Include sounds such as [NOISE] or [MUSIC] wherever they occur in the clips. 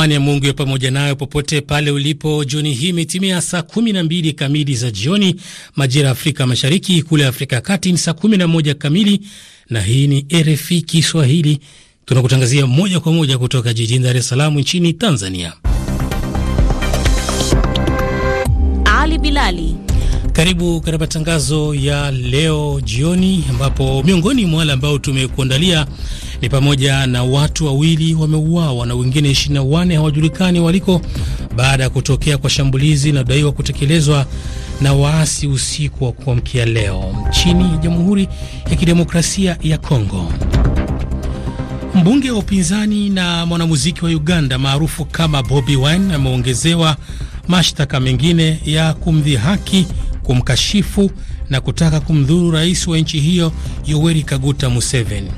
Amani ya Mungu ya pamoja nayo popote pale ulipo. Jioni hii imetimia saa 12 kamili za jioni majira ya Afrika Mashariki, kule Afrika ya Kati ni saa 11 kamili, na hii ni RFI Kiswahili. Tunakutangazia moja kwa moja kutoka jijini Dar es Salaam nchini Tanzania. Ali Bilali, karibu katika matangazo ya leo jioni, ambapo miongoni mwa wale ambao tumekuandalia ni pamoja na watu wawili wameuawa na wengine 24 hawajulikani waliko baada ya kutokea kwa shambulizi linalodaiwa kutekelezwa na waasi usiku wa kuamkia leo nchini Jamhuri ya Kidemokrasia ya Kongo. Mbunge wa upinzani na mwanamuziki wa Uganda maarufu kama Bobi Wine ameongezewa mashtaka mengine ya kumdhihaki, kumkashifu na kutaka kumdhuru rais wa nchi hiyo Yoweri Kaguta Museveni.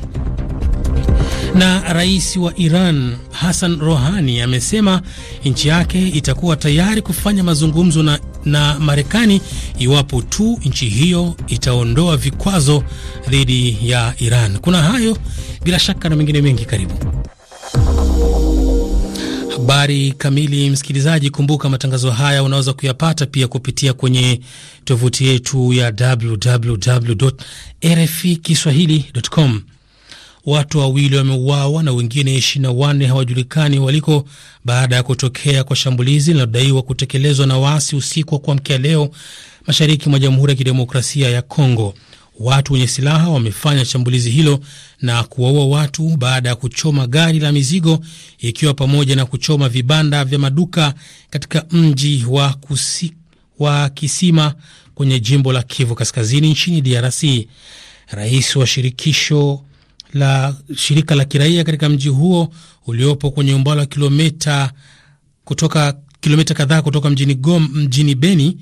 Na rais wa Iran Hassan Rohani amesema nchi yake itakuwa tayari kufanya mazungumzo na, na Marekani iwapo tu nchi hiyo itaondoa vikwazo dhidi ya Iran. Kuna hayo bila shaka na mengine mengi, karibu habari kamili. Msikilizaji, kumbuka matangazo haya unaweza kuyapata pia kupitia kwenye tovuti yetu ya www.rfikiswahili.com watu wawili wameuawa na wengine 24 hawajulikani waliko baada ya kutokea kwa shambulizi linalodaiwa kutekelezwa na waasi usiku wa kuamkia leo mashariki mwa Jamhuri ya Kidemokrasia ya Kongo. Watu wenye silaha wamefanya shambulizi hilo na kuwaua watu baada ya kuchoma gari la mizigo, ikiwa pamoja na kuchoma vibanda vya maduka katika mji wa, kusi, wa Kisima kwenye jimbo la Kivu Kaskazini nchini DRC. Rais wa shirikisho la shirika la kiraia katika mji huo uliopo kwenye umbali wa kilomita kutoka kilomita kadhaa kutoka mjini, Gom, mjini Beni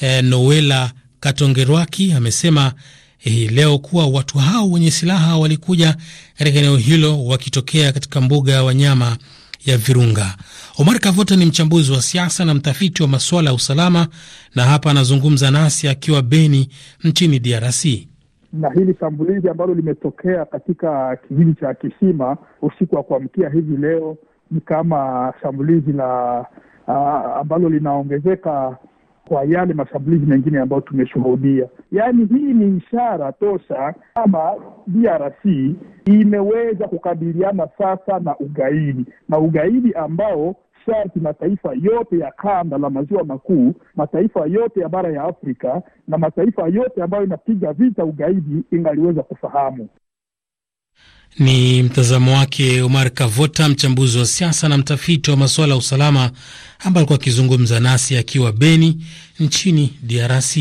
eh, Noela Katongerwaki amesema hii eh, leo kuwa watu hao wenye silaha walikuja katika eneo hilo wakitokea katika mbuga ya wanyama ya Virunga. Omar Kavota ni mchambuzi wa siasa na mtafiti wa masuala ya usalama na hapa anazungumza nasi akiwa Beni nchini DRC na hili shambulizi ambalo limetokea katika kijiji cha Kisima usiku wa kuamkia hivi leo ni kama shambulizi la uh, ambalo linaongezeka kwa yale mashambulizi mengine ambayo tumeshuhudia. Yaani, hii ni ishara tosha kama DRC imeweza kukabiliana sasa na ugaidi na ugaidi ambao sharti mataifa yote ya kanda la maziwa makuu, mataifa yote ya bara ya Afrika na mataifa yote ambayo inapiga vita ugaidi ingaliweza kufahamu. Ni mtazamo wake Omar Kavota, mchambuzi wa siasa na mtafiti wa masuala ya usalama, ambaye alikuwa akizungumza nasi akiwa Beni nchini DRC.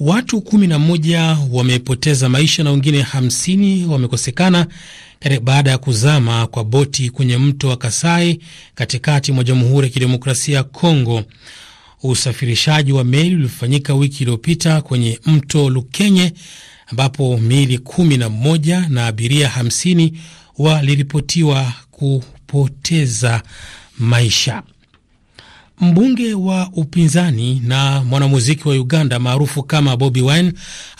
Watu kumi na moja wamepoteza maisha na wengine hamsini wamekosekana baada ya kuzama kwa boti kwenye mto wa Kasai katikati mwa Jamhuri ya Kidemokrasia ya Kongo. Usafirishaji wa meli ulifanyika wiki iliyopita kwenye mto Lukenye ambapo miili kumi na mmoja na abiria hamsini waliripotiwa kupoteza maisha. Mbunge wa upinzani na mwanamuziki wa Uganda maarufu kama Bobi Wine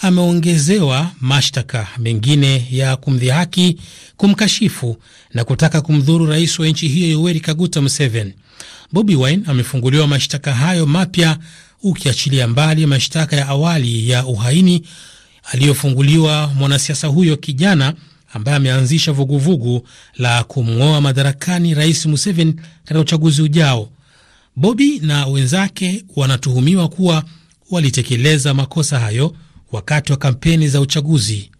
ameongezewa mashtaka mengine ya kumdhihaki, kumkashifu na kutaka kumdhuru rais wa nchi hiyo Yoweri Kaguta Museveni. Bobi Wine amefunguliwa mashtaka hayo mapya, ukiachilia mbali mashtaka ya awali ya uhaini aliyofunguliwa mwanasiasa huyo kijana ambaye ameanzisha vuguvugu la kumng'oa madarakani rais Museveni katika uchaguzi ujao. Bobi na wenzake wanatuhumiwa kuwa walitekeleza makosa hayo wakati wa kampeni za uchaguzi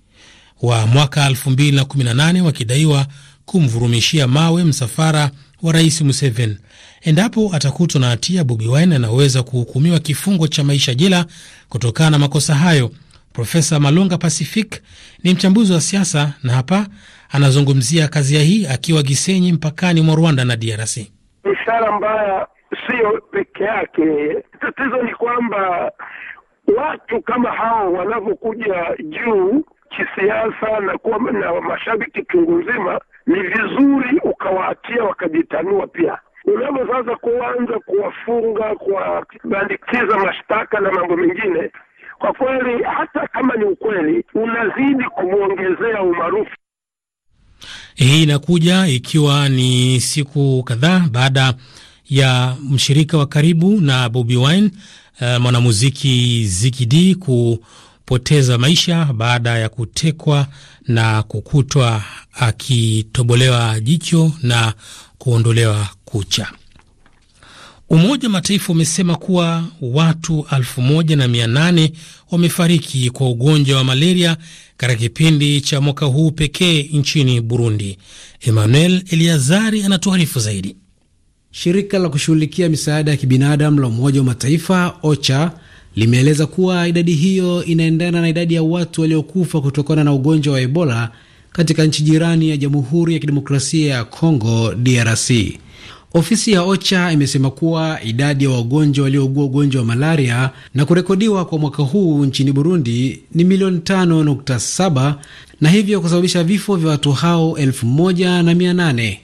wa mwaka 2018 wakidaiwa kumvurumishia mawe msafara wa Rais Museveni. Endapo atakutwa na hatia, Bobi Wine anaweza kuhukumiwa kifungo cha maisha jela kutokana na makosa hayo. Profesa Malunga Pacific ni mchambuzi wa siasa na hapa anazungumzia kazi hii akiwa Gisenyi, mpakani mwa Rwanda na DRC. Ishara mbaya siyo peke yake. Tatizo ni kwamba watu kama hao wanavyokuja juu kisiasa na kuwa na mashabiki chungu nzima, ni vizuri ukawaatia wakajitanua pia unavyo sasa kuanza kuwafunga kuwabandikiza mashtaka na mambo mengine, kwa kweli, hata kama ni ukweli, unazidi kumwongezea umaarufu. Hii inakuja ikiwa ni siku kadhaa baada ya mshirika wa karibu na Bobi Wine uh, mwanamuziki Ziggy D kupoteza maisha baada ya kutekwa na kukutwa akitobolewa jicho na kuondolewa kucha. Umoja wa Mataifa umesema kuwa watu elfu na mia wamefariki kwa ugonjwa wa malaria katika kipindi cha mwaka huu pekee nchini Burundi. Emmanuel Eliazari anatuarifu zaidi. Shirika la kushughulikia misaada ya kibinadamu la Umoja wa Mataifa OCHA limeeleza kuwa idadi hiyo inaendana na idadi ya watu waliokufa kutokana na ugonjwa wa Ebola katika nchi jirani ya Jamhuri ya Kidemokrasia ya congo DRC. Ofisi ya OCHA imesema kuwa idadi ya wagonjwa waliougua ugonjwa wa malaria na kurekodiwa kwa mwaka huu nchini Burundi ni milioni 5.7 na hivyo kusababisha vifo vya watu hao 1800.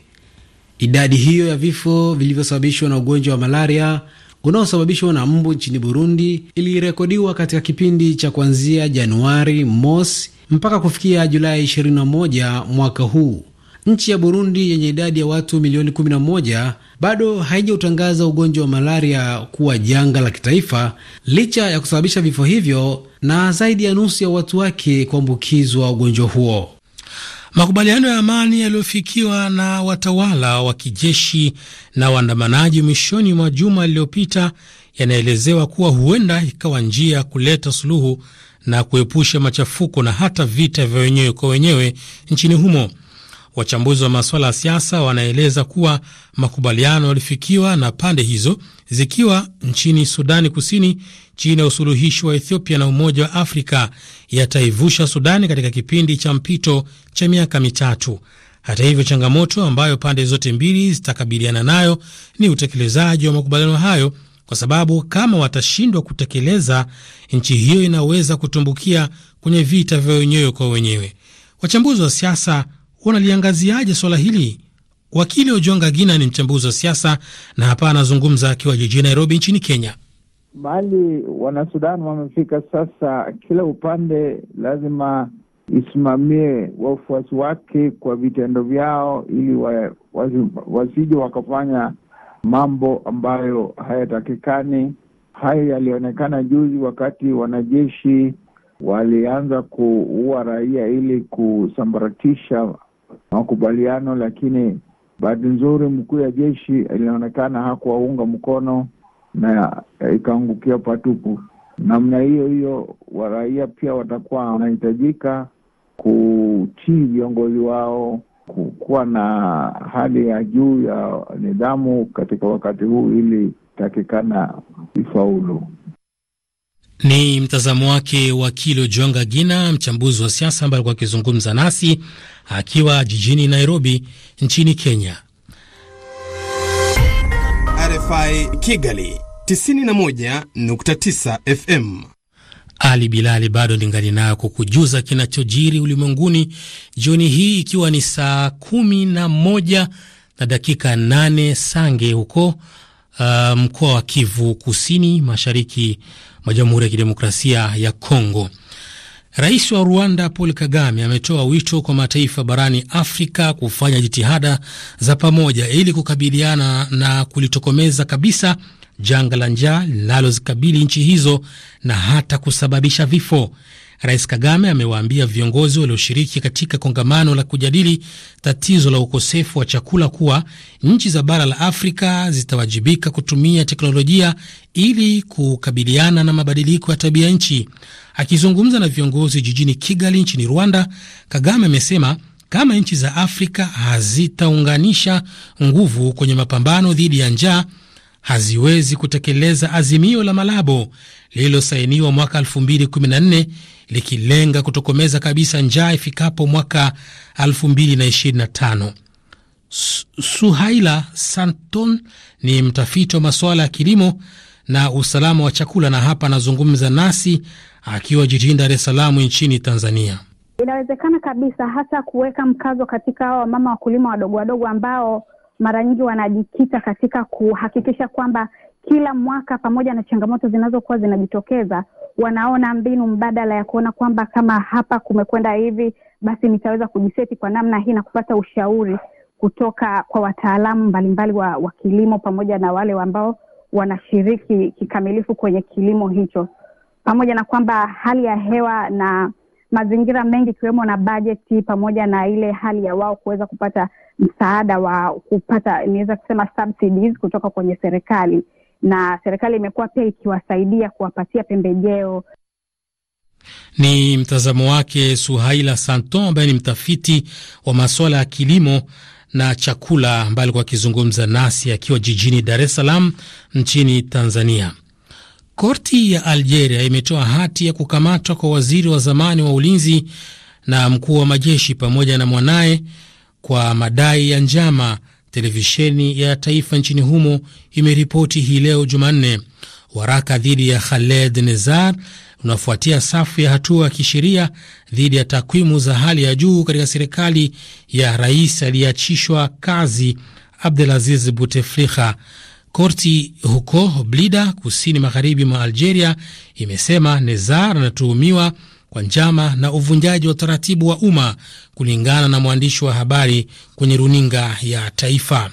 Idadi hiyo ya vifo vilivyosababishwa na ugonjwa wa malaria unaosababishwa na mbu nchini Burundi ilirekodiwa katika kipindi cha kuanzia Januari mosi mpaka kufikia Julai 21 mwaka huu. Nchi ya Burundi yenye idadi ya watu milioni 11 bado haijautangaza ugonjwa wa malaria kuwa janga la kitaifa licha ya kusababisha vifo hivyo na zaidi ya nusu ya watu wake kuambukizwa ugonjwa huo. Makubaliano ya amani yaliyofikiwa na watawala wa kijeshi na waandamanaji mwishoni mwa juma lililopita yanaelezewa kuwa huenda ikawa njia ya kuleta suluhu na kuepusha machafuko na hata vita vya wenyewe kwa wenyewe nchini humo. Wachambuzi wa masuala ya siasa wanaeleza kuwa makubaliano yalifikiwa na pande hizo zikiwa nchini Sudani Kusini chini ya usuluhishi wa Ethiopia na Umoja wa Afrika yataivusha Sudani katika kipindi cha mpito cha miaka mitatu. Hata hivyo, changamoto ambayo pande zote mbili zitakabiliana nayo ni utekelezaji wa makubaliano hayo, kwa sababu kama watashindwa kutekeleza, nchi hiyo inaweza kutumbukia kwenye vita vya wenyewe kwa wenyewe. Wachambuzi wa siasa wanaliangaziaje swala hili? Wakili Ojonga Gina ni mchambuzi wa siasa na hapa anazungumza akiwa jijini Nairobi nchini Kenya mali Wanasudan wamefika sasa, kila upande lazima isimamie wafuasi wake kwa vitendo vyao, ili wa, wasije wakafanya mambo ambayo hayatakikani. Hayo yalionekana juzi wakati wanajeshi walianza kuua raia ili kusambaratisha makubaliano, lakini bahati nzuri mkuu ya jeshi ilionekana hakuwaunga mkono na ikaangukia patupu. Namna hiyo hiyo, waraia pia watakuwa wanahitajika kutii viongozi wao, kuwa na hali ya juu ya nidhamu katika wakati huu ili takikana ifaulu. Ni mtazamo wake Wakili Jonga Gina, mchambuzi wa siasa ambaye alikuwa akizungumza nasi akiwa jijini Nairobi nchini Kenya. RFI Kigali 91.9 FM. Ali Bilali bado lingali nayo kukujuza kinachojiri ulimwenguni jioni hii, ikiwa ni saa kumi na moja na dakika nane Sange huko uh, mkoa wa Kivu Kusini, mashariki mwa Jamhuri ya Kidemokrasia ya Kongo. Rais wa Rwanda Paul Kagame ametoa wito kwa mataifa barani Afrika kufanya jitihada za pamoja ili kukabiliana na kulitokomeza kabisa janga la njaa linalozikabili nchi hizo na hata kusababisha vifo. Rais Kagame amewaambia viongozi walioshiriki katika kongamano la kujadili tatizo la ukosefu wa chakula kuwa nchi za bara la Afrika zitawajibika kutumia teknolojia ili kukabiliana na mabadiliko ya tabia nchi. Akizungumza na viongozi jijini Kigali nchini Rwanda, Kagame amesema kama nchi za Afrika hazitaunganisha nguvu kwenye mapambano dhidi ya njaa haziwezi kutekeleza azimio la Malabo lililosainiwa mwaka 2014 likilenga kutokomeza kabisa njaa ifikapo mwaka 2025. Suhaila Santon ni mtafiti wa masuala ya kilimo na usalama wa chakula, na hapa anazungumza nasi akiwa jijini Dar es Salaam nchini Tanzania. Inawezekana kabisa, hasa kuweka mkazo katika hao wamama wakulima wadogo wadogo ambao mara nyingi wanajikita katika kuhakikisha kwamba kila mwaka, pamoja na changamoto zinazokuwa zinajitokeza, wanaona mbinu mbadala ya kuona kwamba kama hapa kumekwenda hivi, basi nitaweza kujiseti kwa namna hii na kupata ushauri kutoka kwa wataalamu mbalimbali wa, wa kilimo pamoja na wale ambao wanashiriki kikamilifu kwenye kilimo hicho, pamoja na kwamba hali ya hewa na mazingira mengi ikiwemo na bajeti pamoja na ile hali ya wao kuweza kupata msaada wa kupata niweza kusema subsidies kutoka kwenye serikali na serikali imekuwa pia ikiwasaidia kuwapatia pembejeo. Ni mtazamo wake Suhaila Santon ambaye ni mtafiti wa masuala ya kilimo na chakula ambaye alikuwa akizungumza nasi akiwa jijini Dar es Salaam nchini Tanzania. Korti ya Algeria imetoa hati ya kukamatwa kwa waziri wa zamani wa ulinzi na mkuu wa majeshi pamoja na mwanaye kwa madai ya njama televisheni ya taifa nchini humo imeripoti hii leo Jumanne. Waraka dhidi ya Khaled Nezar unafuatia safu ya hatua ya kisheria dhidi ya takwimu za hali ya juu katika serikali ya rais aliyeachishwa kazi Abdelaziz Buteflika. Korti huko Blida, kusini magharibi mwa Algeria, imesema Nezar anatuhumiwa kwa njama na uvunjaji wa utaratibu wa umma, kulingana na mwandishi wa habari kwenye runinga ya taifa.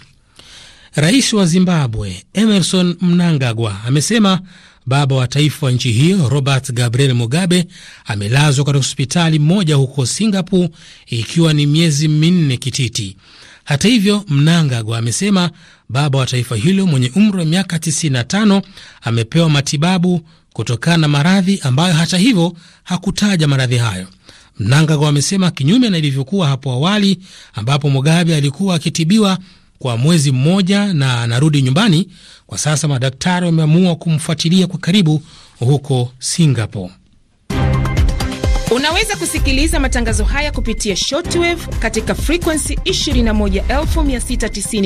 Rais wa Zimbabwe Emerson Mnangagwa amesema baba wa taifa wa nchi hiyo Robert Gabriel Mugabe amelazwa katika hospitali moja huko Singapore ikiwa ni miezi minne kititi. Hata hivyo, Mnangagwa amesema baba wa taifa hilo mwenye umri wa miaka 95 amepewa matibabu kutokana na maradhi ambayo hata hivyo hakutaja maradhi hayo. Mnangagwa amesema kinyume na ilivyokuwa hapo awali ambapo Mugabe alikuwa akitibiwa kwa mwezi mmoja na anarudi nyumbani, kwa sasa madaktari wameamua kumfuatilia kwa karibu huko Singapore. Unaweza kusikiliza matangazo haya kupitia shortwave katika frekuensi 21690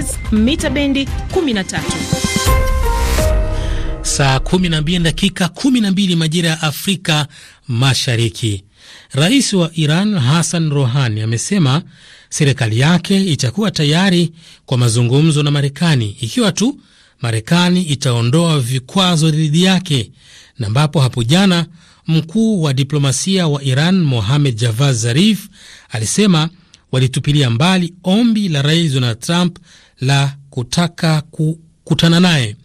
kHz mita bendi 13 saa 12 dakika 12 majira ya Afrika Mashariki. Rais wa Iran Hassan Rohani amesema serikali yake itakuwa tayari kwa mazungumzo na Marekani ikiwa tu Marekani itaondoa vikwazo dhidi yake, na ambapo hapo jana mkuu wa diplomasia wa Iran Mohamed Javad Zarif alisema walitupilia mbali ombi la Rais Donald Trump la kutaka kukutana naye.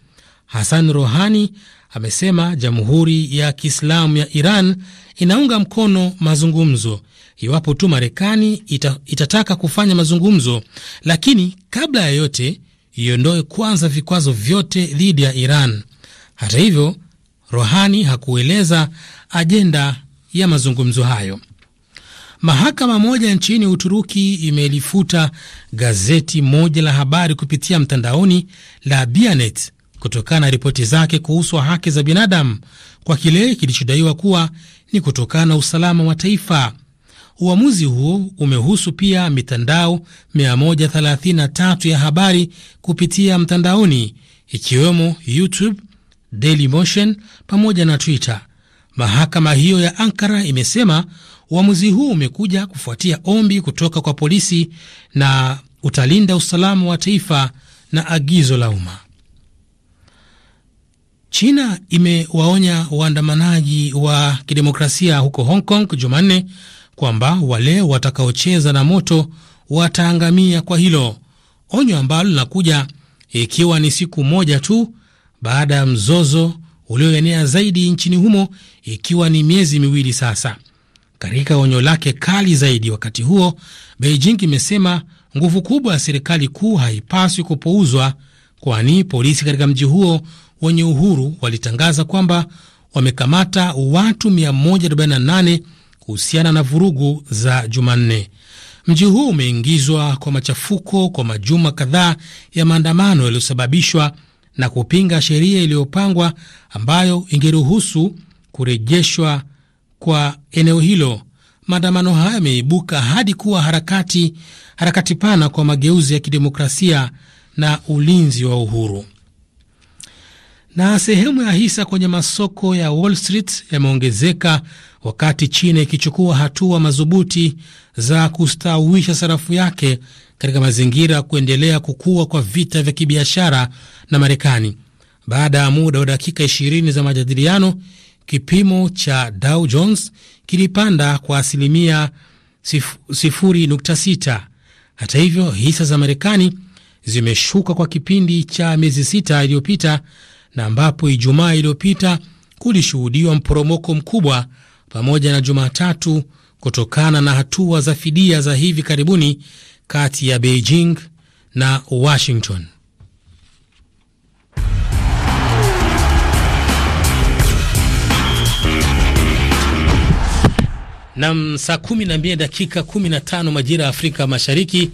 Hassan Rohani amesema Jamhuri ya Kiislamu ya Iran inaunga mkono mazungumzo iwapo tu Marekani ita, itataka kufanya mazungumzo, lakini kabla ya yote iondoe kwanza vikwazo vyote dhidi ya Iran. Hata hivyo, Rohani hakueleza ajenda ya mazungumzo hayo. Mahakama moja nchini Uturuki imelifuta gazeti moja la habari kupitia mtandaoni la Bianet kutokana na ripoti zake kuhusu haki za binadamu kwa kile kilichodaiwa kuwa ni kutokana na usalama wa taifa. Uamuzi huo umehusu pia mitandao 133 ya habari kupitia mtandaoni ikiwemo YouTube, Daily Motion pamoja na Twitter. Mahakama hiyo ya Ankara imesema uamuzi huu umekuja kufuatia ombi kutoka kwa polisi na utalinda usalama wa taifa na agizo la umma. China imewaonya waandamanaji wa kidemokrasia huko Hong Kong Jumanne kwamba wale watakaocheza na moto wataangamia kwa hilo, onyo ambalo linakuja ikiwa ni siku moja tu baada ya mzozo ulioenea zaidi nchini humo ikiwa ni miezi miwili sasa. Katika onyo lake kali zaidi wakati huo, Beijing imesema nguvu kubwa ya serikali kuu haipaswi kupuuzwa, kwani polisi katika mji huo wenye uhuru walitangaza kwamba wamekamata watu 148 kuhusiana na vurugu za Jumanne. Mji huu umeingizwa kwa machafuko kwa majuma kadhaa ya maandamano yaliyosababishwa na kupinga sheria iliyopangwa ambayo ingeruhusu kurejeshwa kwa eneo hilo. Maandamano hayo yameibuka hadi kuwa harakati harakati pana kwa mageuzi ya kidemokrasia na ulinzi wa uhuru. Na sehemu ya hisa kwenye masoko ya Wall Street yameongezeka wakati China ikichukua hatua madhubuti za kustawisha sarafu yake katika mazingira ya kuendelea kukua kwa vita vya kibiashara na Marekani. Baada ya muda wa dakika 20 za majadiliano, kipimo cha Dow Jones kilipanda kwa asilimia 0.6. Hata hivyo, hisa za Marekani zimeshuka kwa kipindi cha miezi sita iliyopita na ambapo Ijumaa iliyopita kulishuhudiwa mporomoko mkubwa pamoja na Jumatatu kutokana na hatua za fidia za hivi karibuni kati ya Beijing na Washington. Nam, saa mbili dakika 15 majira ya Afrika Mashariki.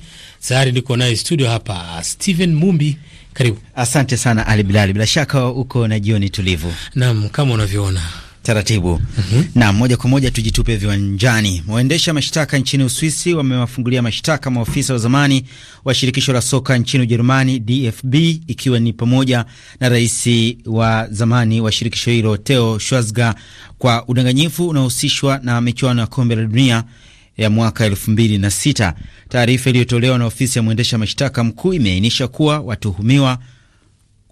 Tayari niko naye studio hapa Steven Mumbi karibu. Asante sana Ali Bilali, bila shaka uko na jioni tulivu. Naam, kama unavyoona taratibu mm -hmm. Na moja kwa moja tujitupe viwanjani. Waendesha mashtaka nchini Uswisi wamewafungulia mashtaka maofisa wa zamani wa shirikisho la soka nchini Ujerumani DFB, ikiwa ni pamoja na rais wa zamani wa shirikisho hilo teo shwazga kwa udanganyifu unaohusishwa na michuano ya kombe la dunia ya mwaka sita. Taarifa iliyotolewa na ofisi ya mwendesha mashtaka mkuu imeainisha kuwa watuhumiwa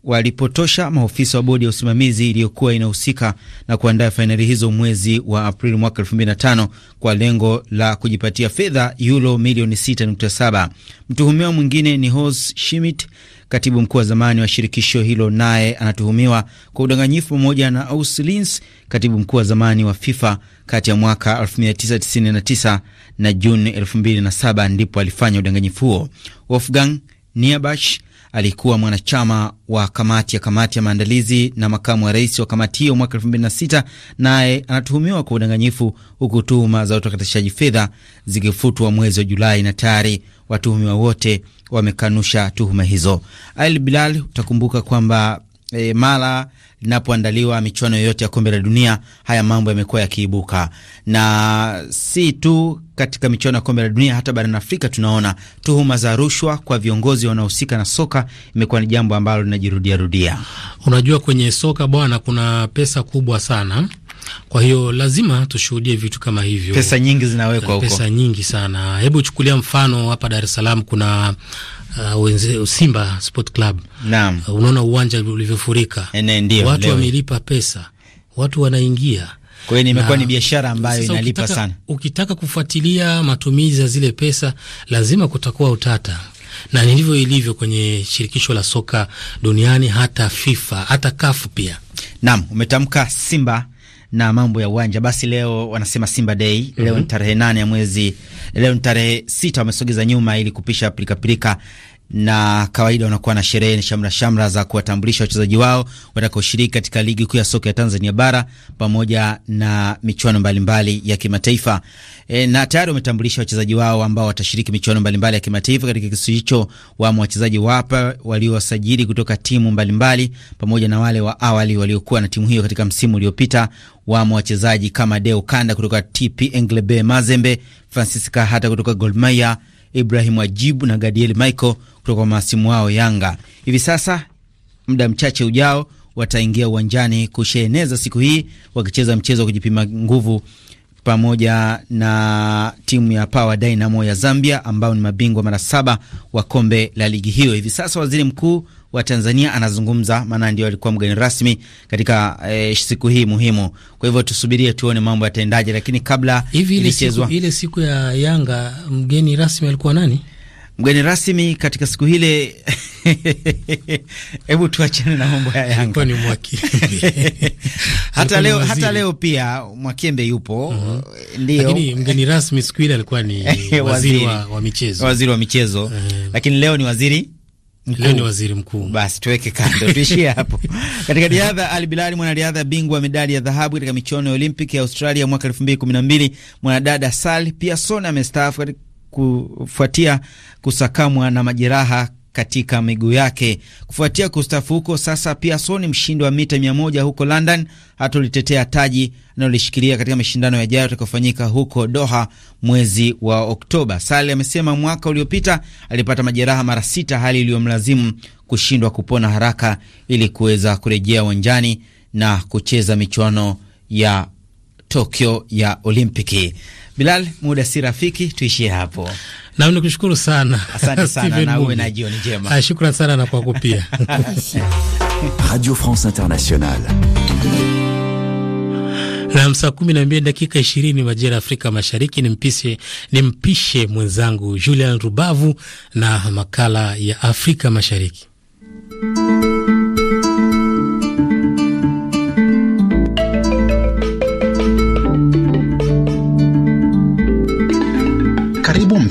walipotosha maofisa wa bodi ya usimamizi iliyokuwa inahusika na kuandaa fainali hizo mwezi wa Aprili mwaka 2005 kwa lengo la kujipatia fedha yulo milioni 6.7. Mtuhumiwa mwingine ni Hos Schmidt Katibu mkuu wa zamani wa shirikisho hilo naye anatuhumiwa kwa udanganyifu pamoja na Auslins, katibu mkuu wa zamani wa FIFA kati ya mwaka 1999 na Juni 2007 ndipo alifanya udanganyifu huo. Wolfgang niabash alikuwa mwanachama wa kamati ya kamati ya maandalizi na makamu wa rais wa kamati hiyo mwaka sita naye anatuhumiwa kwa udanganyifu, huku tuhuma za utakatishaji fedha zikifutwa mwezi wa Julai, na tayari watuhumiwa wote wamekanusha tuhuma hizo. Al Bilal, utakumbuka kwamba e, mara linapoandaliwa michuano yoyote ya kombe la dunia, haya mambo yamekuwa yakiibuka, na si tu katika michuano ya kombe la dunia, hata barani Afrika tunaona tuhuma za rushwa kwa viongozi wanaohusika na soka imekuwa ni jambo ambalo linajirudia rudia. Unajua, kwenye soka bwana, kuna pesa kubwa sana kwa hiyo lazima tushuhudie vitu kama hivyo. Pesa nyingi zinawekwa huko, pesa nyingi sana. Hebu chukulia mfano hapa Dar es Salaam kuna uh, wenze, Simba Sport Club. Naam. Uh, unaona uwanja ulivyofurika, eh, watu wamelipa pesa, watu wanaingia kwa hiyo imekuwa ni biashara ambayo inalipa ukitaka, sana. Ukitaka kufuatilia matumizi ya zile pesa lazima kutakuwa utata, na ndivyo ilivyo kwenye shirikisho la soka duniani, hata FIFA hata kafu pia. Naam, umetamka Simba na mambo ya uwanja. Basi leo wanasema Simba Day mm -hmm. Leo ni mhm. tarehe nane ya mwezi, leo ni tarehe sita, wamesogeza nyuma ili kupisha pilikapilika na kawaida wanakuwa na sherehe na shamra shamra za kuwatambulisha wachezaji wao watakaoshiriki katika ligi kuu ya soka ya Tanzania bara pamoja na michuano mbalimbali ya kimataifa. E, na tayari wametambulisha wachezaji wao ambao watashiriki michuano mbalimbali ya kimataifa. Katika kisu hicho wamo wachezaji wapa waliowasajili kutoka timu mbalimbali mbali, pamoja na wale wa awali waliokuwa na timu hiyo katika msimu uliopita. Wamo wachezaji kama Deo Kanda kutoka TP Englebe Mazembe, Francisca hata kutoka Golmaya, Ibrahim Ajibu na Gadiel Michael kutoka kwa masimu wao Yanga. Hivi sasa muda mchache ujao wataingia uwanjani kusheheneza siku hii wakicheza mchezo wa kujipima nguvu pamoja na timu ya Power Dynamo ya Zambia ambao ni mabingwa mara saba wa kombe la ligi hiyo. Hivi sasa waziri mkuu wa Tanzania anazungumza, maana ndio alikuwa mgeni rasmi katika eh, siku hii muhimu. Kwa hivyo tusubirie tuone mambo yataendaje, lakini kabla hivi ile siku, ile siku ya Yanga mgeni rasmi alikuwa nani? mgeni rasmi katika siku hile. [LAUGHS] Hebu tuachane na mambo ya Yanga [LAUGHS] hata leo, hata leo pia Mwakembe yupo uh mhm. -huh. Ndio, lakini mgeni rasmi siku hile alikuwa ni [LAUGHS] waziri, wa, wa michezo, waziri wa michezo uh eh. -huh. Lakini leo ni waziri Mkuu. Leo ni waziri mkuu. Basi tuweke kando tuishie hapo. Katika riadha, Al Bilali mwanariadha bingwa wa medali ya dhahabu katika michuano ya Olimpiki ya Australia mwaka 2012 mwanadada Sally Pearson amestaafu katika kufuatia kusakamwa na majeraha katika miguu yake. Kufuatia kustafu huko, sasa Pearson, mshindi wa mita moja huko London, hatulitetea taji analolishikilia katika mashindano yajayo yatakayofanyika huko Doha mwezi wa Oktoba. Sale amesema mwaka uliopita alipata majeraha mara sita, hali iliyomlazimu kushindwa kupona haraka ili kuweza kurejea uwanjani na kucheza michuano ya Tokyo ya Olimpiki. Bilal, muda si rafiki, tuishie hapo. Nam ni kushukuru sana, asante [LAUGHS] sana na uwe na jioni njema. Ah, shukran sana na kwako pia. [LAUGHS] Radio France Internationale na saa kumi na mbili dakika ishirini majira ya Afrika Mashariki. Nimpishe, nimpishe mwenzangu Julian Rubavu na makala ya Afrika Mashariki.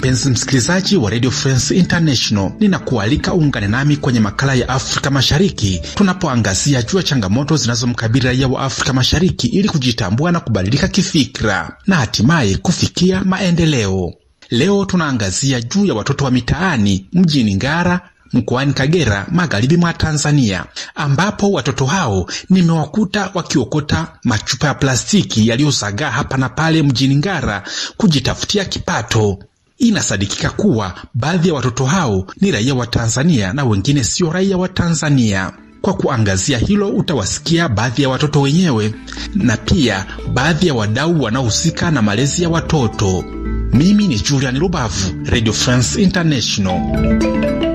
Mpenzi msikilizaji wa Radio France International, ninakualika uungane nami kwenye makala ya Afrika Mashariki tunapoangazia juu ya changamoto zinazomkabili raia wa Afrika Mashariki ili kujitambua na kubadilika kifikra na hatimaye kufikia maendeleo. Leo tunaangazia juu ya watoto wa mitaani mjini Ngara mkoani Kagera, magharibi mwa Tanzania, ambapo watoto hao nimewakuta wakiokota machupa ya plastiki yaliyozagaa hapa na pale mjini Ngara kujitafutia kipato. Inasadikika kuwa baadhi ya watoto hao ni raia wa Tanzania na wengine sio raia wa Tanzania. Kwa kuangazia hilo, utawasikia baadhi ya watoto wenyewe na pia baadhi ya wadau wanaohusika na malezi ya watoto. Mimi ni Julian Rubavu, Radio France International.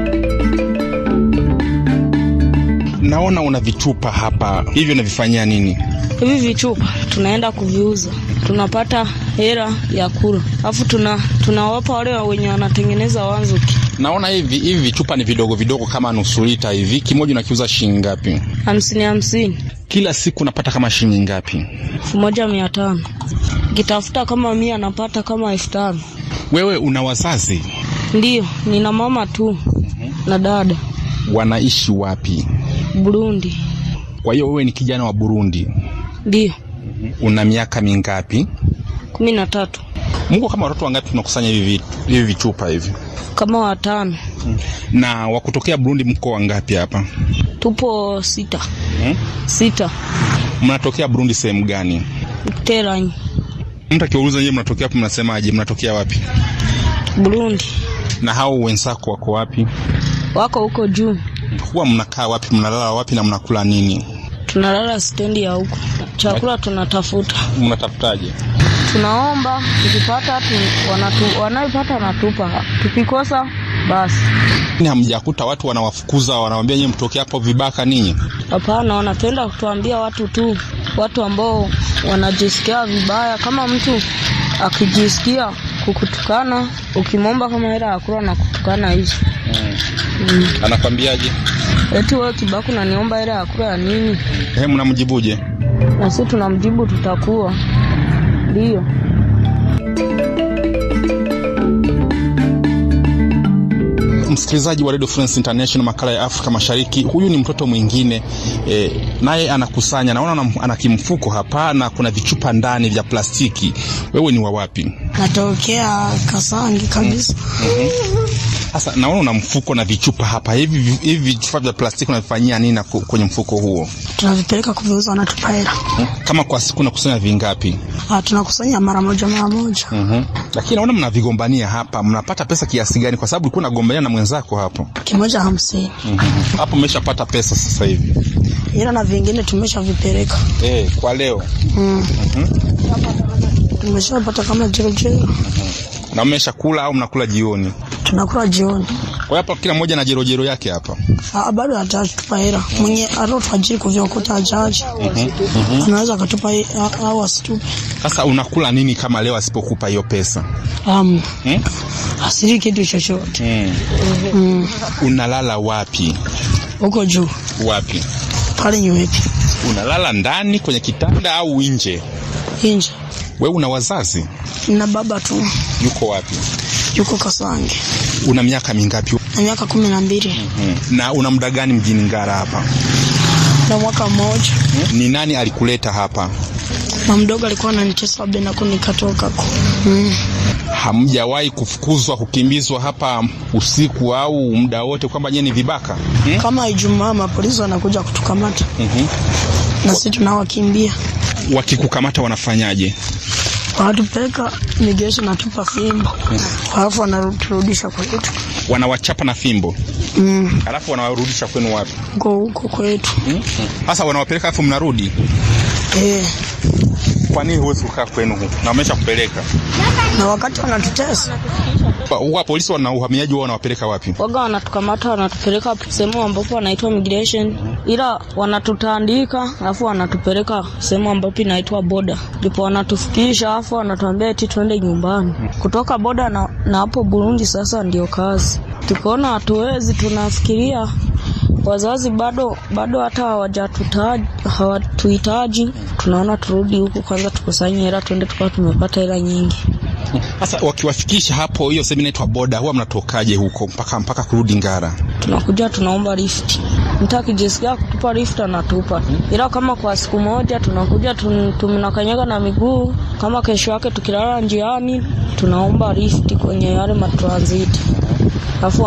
naona una vichupa hapa, hivyo unavifanyia nini? Hivi vichupa tunaenda kuviuza, tunapata hela ya kula, alafu tuna tunawapa wale wenye wanatengeneza wanzuki. Naona hivi hivi vichupa ni vidogo vidogo kama nusu lita hivi, kimoja unakiuza shilingi ngapi? hamsini hamsini. Kila siku unapata kama shilingi ngapi? elfu moja mia tano. Kitafuta kama mia napata kama elfu tano. Wewe una wazazi? Ndiyo, nina mama tu mhm. na dada. Wanaishi wapi? Burundi. Kwa hiyo wewe ni kijana wa Burundi? Ndio. Una miaka mingapi? kumi na tatu. Mungu, kama watoto wangapi tunakusanya hivi hivi vichupa hivi? Kama watano. Na wakutokea Burundi mko wangapi hapa? Tupo sita. Hmm? Sita. Mnatokea Burundi sehemu gani? Mteranyi. Mtu akiuliza yeye mnatokea wapi, mnasemaje? Mnatokea wapi? Burundi. Na hao wenzako wako wapi? Wako huko juu. Huwa mnakaa wapi, mnalala wapi na mnakula nini? Tunalala stendi ya huku, chakula tunatafuta. Mnatafutaje? Tunaomba, tukipata wanayopata wanatupa, tukikosa basi. Hamjakuta watu wanawafukuza, wanawambia nyie mtoke hapo, vibaka ninyi? Hapana, wanapenda kutuambia watu tu, watu ambao wanajisikia vibaya. Kama mtu akijisikia kukutukana, ukimwomba kama hela ya kula na kutukana hizo hmm mm. Anakwambiaje eti wewe Kibaku naniomba hela ya kula ya nini? Eh, mnamjibuje? Na sisi tunamjibu tutakuwa ndio Msikilizaji wa Radio France International, makala ya Afrika Mashariki. Huyu ni mtoto mwingine eh, naye anakusanya, naona ana kimfuko hapa na kuna vichupa ndani vya plastiki. Wewe ni wa wapi? Natokea Kasangi kabisa. Mm-hmm. Sasa naona una mfuko na vichupa hapa hivi. Hivi vichupa vya plastiki unavifanyia nini na kwenye mfuko huo? Tunavipeleka kuviuza, wanatupa hela. Mm-hmm. Kama kwa siku nakusanya vingapi? Ah, tunakusanya mara moja mara moja. mm -hmm. Lakini naona mnavigombania hapa, mnapata pesa kiasi gani? Kwa sababu ulikuwa unagombania na mwenzako hapo. Kimoja hamsini. Mhm. Hapo umeshapata pesa sasa hivi ila na vingine tumeshavipeleka eh, kwa leo mm. mm -hmm. tumeshapata kama jerojero mm -hmm. na mmeshakula au mnakula jioni? Tunakula jioni. Kwa hapa kila mmoja na jerojero yake hapa. Ah, bado atatupa hela. mm. Mwenye anaotuajiri kuvyokuta ajaji. Mm -hmm. mm Anaweza akatupa au asitupe. Sasa unakula nini kama leo asipokupa hiyo pesa? Um, hmm? Asili kitu chochote. Mm. Mm. Unalala wapi? Huko juu. Wapi? pale nyumbani. Unalala ndani kwenye kitanda au nje? Nje. we una wazazi? Na baba tu. Yuko wapi? Yuko Kaswange. Una miaka mingapi? Na miaka kumi na mbili. Mm -hmm. Na una muda gani mjini Ngara hapa? Na mwaka mmoja. Hmm? Ni nani alikuleta hapa? Mama mdogo alikuwa ananitesa bena, nikatoka. Mm hamjawahi kufukuzwa, kukimbizwa hapa usiku au muda wote kwamba nyie ni vibaka hmm? Kama Ijumaa mapolisi wanakuja kutukamata mm -hmm. na sisi tunawakimbia. Wakikukamata wanafanyaje Wanatupeleka migeshi, natupa fimbo hmm. alafu wanaturudisha kwetu. Wanawachapa na fimbo mm. alafu wanawarudisha kwenu wapi? Huko huko kwetu. Hmm? Hmm. Sasa mm -hmm. wanawapeleka alafu mnarudi eh. Kwa nini huwezi kukaa kwenu huku na kupeleka Na wakati wanatutesa wa polisi wana uhamiaji wao, wanawapeleka wapi? Waga wanatukamata wanatupeleka sehemu ambapo wanaitwa migration, ila wanatutandika alafu wanatupeleka sehemu ambapo inaitwa boda, ndipo wanatufikisha alafu wanatuambia eti tuende nyumbani hmm. kutoka boda na hapo Burundi. Sasa ndio kazi tukaona hatuwezi, tunafikiria wazazi bado bado hata hawatuhitaji, tunaona turudi huku kwanza, tukusanye hela tuende tukawa tumepata hela nyingi. Sasa wakiwafikisha hapo, hiyo semina inaitwa boda, huwa mnatokaje huko mpaka mpaka kurudi Ngara? Tunakuja tunaomba lifti mtaa kijisikia kutupa lift anatupa, ila kama kwa siku moja tunakuja tumenakanyaga na miguu, kama kesho yake tukilala njiani tunaomba lift kwenye yale matransit, alafu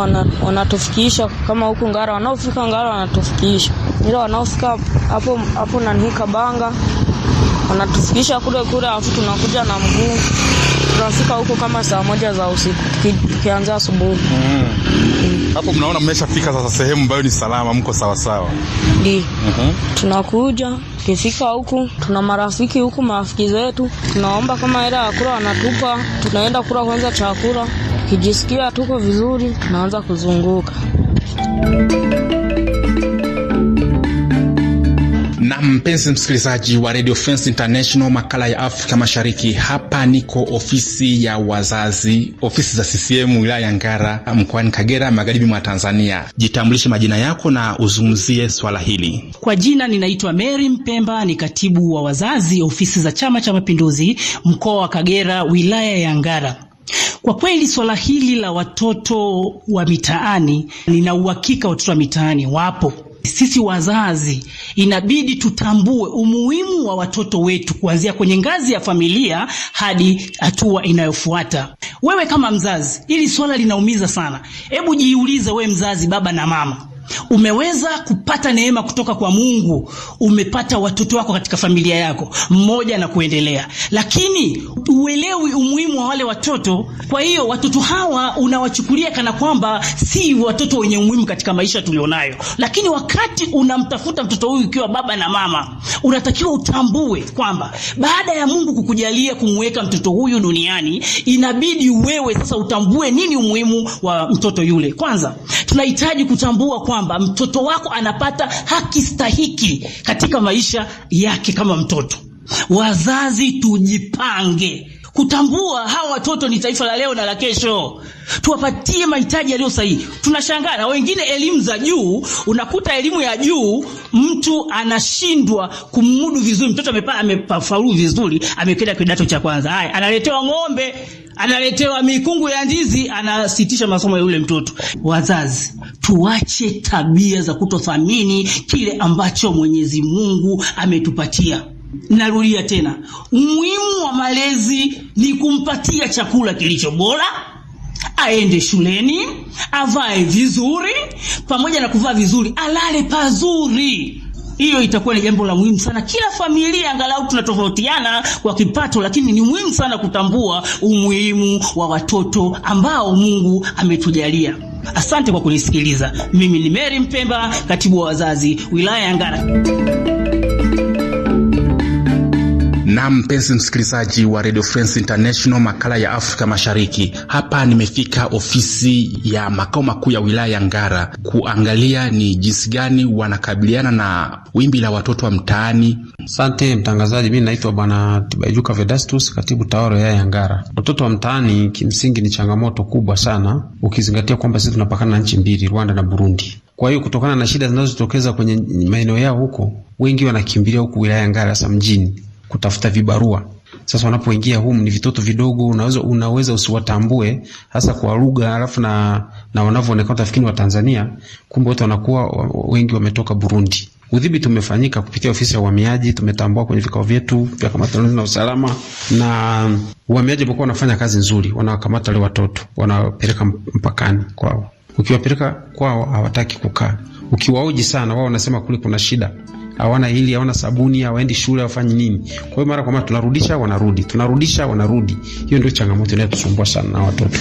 wanatufikisha kama huku Ngara, wanaofika Ngara wanatufikisha, ila wanaofika hapo hapo nani banga wanatufikisha kule kule, alafu tunakuja na mguu tunafika huko kama saa moja za usiku tukianza asubuhi mm. Hapo mnaona mmeshafika sasa sehemu ambayo ni salama, mko sawasawa? ndi uh-huh. Tunakuja tukifika huku tuna marafiki huku, marafiki zetu tunaomba kama hela ya kula wanatupa, tunaenda kula kwanza chakula, kijisikia tuko vizuri tunaanza kuzunguka na mpenzi msikilizaji wa Radio France International, makala ya Afrika Mashariki, hapa niko ofisi ya wazazi, ofisi za CCM wilaya ya Ngara mkoani Kagera, magharibi mwa Tanzania. Jitambulishe majina yako na uzungumzie swala hili. Kwa jina ninaitwa Mary Mpemba, ni katibu wa wazazi ofisi za Chama cha Mapinduzi mkoa wa Kagera wilaya ya Ngara. Kwa kweli swala hili la watoto wa mitaani, nina uhakika watoto wa mitaani wapo sisi wazazi inabidi tutambue umuhimu wa watoto wetu kuanzia kwenye ngazi ya familia hadi hatua inayofuata. Wewe kama mzazi, hili swala linaumiza sana. Hebu jiulize, wewe mzazi, baba na mama Umeweza kupata neema kutoka kwa Mungu, umepata watoto wako katika familia yako mmoja na kuendelea, lakini uelewi umuhimu wa wale watoto. Kwa hiyo watoto hawa unawachukulia kana kwamba si watoto wenye umuhimu katika maisha tulionayo, lakini wakati unamtafuta mtoto huyu ukiwa baba na mama, unatakiwa utambue kwamba baada ya Mungu kukujalia kumweka mtoto huyu duniani, inabidi wewe sasa utambue nini umuhimu wa mtoto yule. Kwanza tunahitaji kutambua kwa kwamba mtoto wako anapata haki stahiki katika maisha yake kama mtoto. Wazazi tujipange kutambua hawa watoto ni taifa la leo na la kesho, tuwapatie mahitaji yaliyo sahihi. Tunashangaa na wengine elimu za juu, unakuta elimu ya juu mtu anashindwa kumudu vizuri. Mtoto amepa amefaulu vizuri, amekenda kidato cha kwanza, haya analetewa ng'ombe, analetewa mikungu ya ndizi, anasitisha masomo ya yule mtoto. Wazazi, tuache tabia za kutothamini kile ambacho Mwenyezi Mungu ametupatia. Narudia tena, umuhimu wa malezi ni kumpatia chakula kilicho bora, aende shuleni, avae vizuri, pamoja na kuvaa vizuri alale pazuri. Hiyo itakuwa ni jambo la muhimu sana. Kila familia angalau tunatofautiana kwa kipato, lakini ni muhimu sana kutambua umuhimu wa watoto ambao Mungu ametujalia. Asante kwa kunisikiliza. Mimi ni Mary Mpemba, katibu wa wazazi wilaya ya Ngara. Na mpenzi msikilizaji wa Radio France International, makala ya Afrika Mashariki, hapa nimefika ofisi ya makao makuu ya wilaya ya Ngara kuangalia ni jinsi gani wanakabiliana na wimbi la watoto wa mtaani. Asante mtangazaji, mimi naitwa Bwana Tibaijuka Vedastus, katibu tawala ya ya Ngara. Watoto wa mtaani kimsingi ni changamoto kubwa sana, ukizingatia kwamba sisi tunapakana na nchi mbili, Rwanda na Burundi. Kwa hiyo kutokana na shida zinazotokeza kwenye maeneo yao huko, wengi wanakimbilia huku wilaya ya Ngara, hasa mjini kutafuta vibarua. Sasa wanapoingia humu ni vitoto vidogo, unaweza unaweza usiwatambue hasa kwa lugha, alafu na na wanavyoonekana tafikini wa Tanzania, kumbe wote wanakuwa wengi wametoka Burundi. Udhibiti umefanyika kupitia ofisi ya uhamiaji, tumetambua kwenye vikao vyetu vya kamati na usalama, na uhamiaji umekuwa wanafanya kazi nzuri, wanawakamata wale watoto wanawapeleka mpakani kwao. Ukiwapeleka kwao hawataki kukaa, ukiwaoji sana wao wanasema kule kuna shida hawana hili, hawana sabuni, hawaendi shule, hawafanyi nini. Kwa hiyo mara kwa mara tunarudisha, wanarudi, tunarudisha, wanarudi. Hiyo ndio changamoto inayotusumbua sana na watoto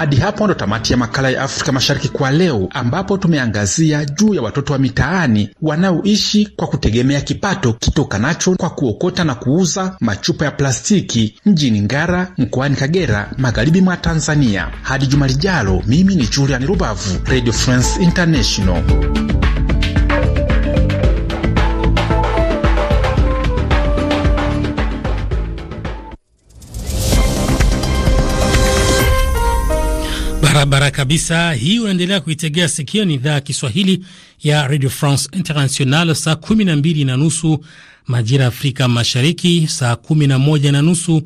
hadi hapo ndo tamati ya makala ya Afrika Mashariki kwa leo, ambapo tumeangazia juu ya watoto wa mitaani wanaoishi kwa kutegemea kipato kitokanacho kwa kuokota na kuuza machupa ya plastiki mjini Ngara mkoani Kagera, magharibi mwa Tanzania. Hadi juma lijalo, mimi ni Julian Rubavu, Radio France International. Barabara kabisa hii, unaendelea kuitegea sikio. Ni idhaa ya Kiswahili ya Radio France International. Saa 12 na nusu majira ya Afrika Mashariki, saa 11 na nusu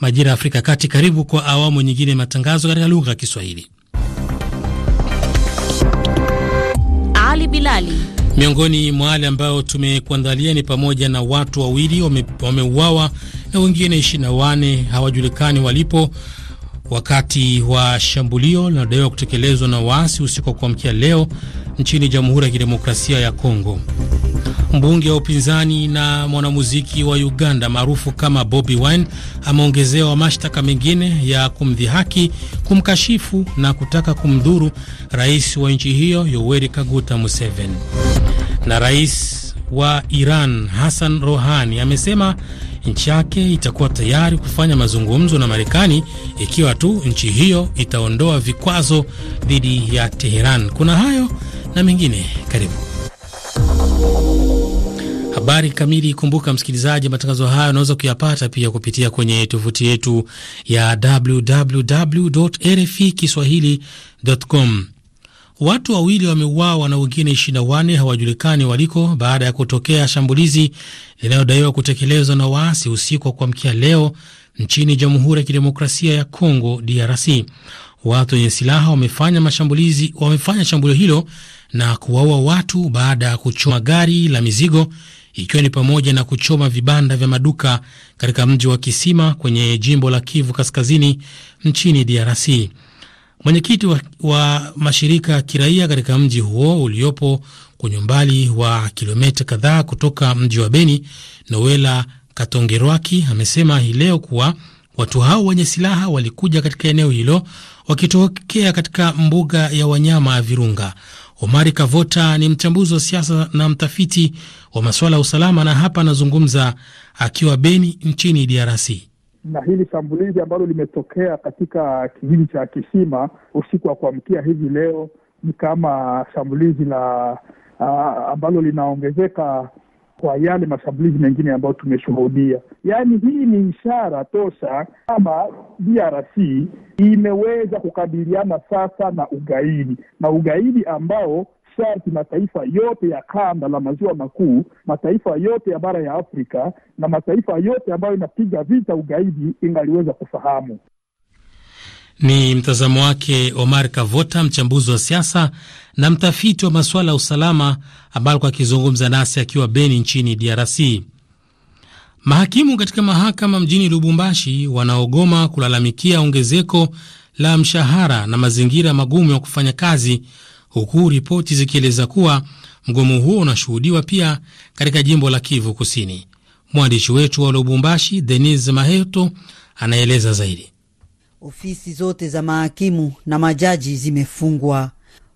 majira ya Afrika Kati. Karibu kwa awamu nyingine matangazo katika lugha ya Kiswahili. Ali Bilali. Miongoni mwa wale ambao tumekuandalia ni pamoja na watu wawili wameuawa na wengine wane hawajulikani walipo wakati wa shambulio linalodaiwa kutekelezwa na waasi usiku wa kuamkia leo nchini Jamhuri ya Kidemokrasia ya Kongo. Mbunge wa upinzani na mwanamuziki wa Uganda maarufu kama Bobi Wine ameongezewa mashtaka mengine ya kumdhihaki, kumkashifu na kutaka kumdhuru rais wa nchi hiyo Yoweri Kaguta Museveni. Na rais wa Iran Hassan rohani amesema nchi yake itakuwa tayari kufanya mazungumzo na Marekani ikiwa tu nchi hiyo itaondoa vikwazo dhidi ya Teheran. Kuna hayo na mengine, karibu habari kamili. Kumbuka msikilizaji, matangazo haya unaweza kuyapata pia kupitia kwenye tovuti yetu ya www.rfi kiswahili.com. Watu wawili wameuawa na wengine 24 hawajulikani waliko baada ya kutokea shambulizi linalodaiwa kutekelezwa na waasi usiku wa kuamkia leo nchini Jamhuri ya Kidemokrasia ya Kongo, DRC. Watu wenye silaha wamefanya mashambulizi wamefanya shambulio hilo na kuwaua watu baada ya kuchoma gari la mizigo ikiwa ni pamoja na kuchoma vibanda vya maduka katika mji wa Kisima kwenye jimbo la Kivu Kaskazini nchini DRC. Mwenyekiti wa, wa mashirika ya kiraia katika mji huo uliopo kwenye umbali wa kilomita kadhaa kutoka mji wa Beni, noela Katongerwaki, amesema hii leo kuwa watu hao wenye silaha walikuja katika eneo hilo wakitokea katika mbuga ya wanyama ya Virunga. Omari Kavota ni mchambuzi wa siasa na mtafiti wa masuala ya usalama, na hapa anazungumza akiwa Beni nchini DRC na hili shambulizi ambalo limetokea katika kijiji cha Kisima usiku wa kuamkia hivi leo ni kama shambulizi la uh, ambalo linaongezeka kwa yale mashambulizi mengine ambayo tumeshuhudia. Yaani, hii ni ishara tosha kama DRC imeweza kukabiliana sasa na ugaidi na ugaidi ambao sharti mataifa yote ya kanda la maziwa makuu, mataifa yote ya bara ya Afrika na mataifa yote ambayo inapiga vita ugaidi ingaliweza kufahamu. Ni mtazamo wake Omar Kavota, mchambuzi wa siasa na mtafiti wa masuala ya usalama, ambaye alikuwa akizungumza nasi akiwa Beni nchini DRC. Mahakimu katika mahakama mjini Lubumbashi wanaogoma kulalamikia ongezeko la mshahara na mazingira magumu ya kufanya kazi huku ripoti zikieleza kuwa mgomo huo unashuhudiwa pia katika jimbo la Kivu Kusini. Mwandishi wetu wa Lubumbashi, denis Maheto, anaeleza zaidi. Ofisi zote za mahakimu na majaji zimefungwa.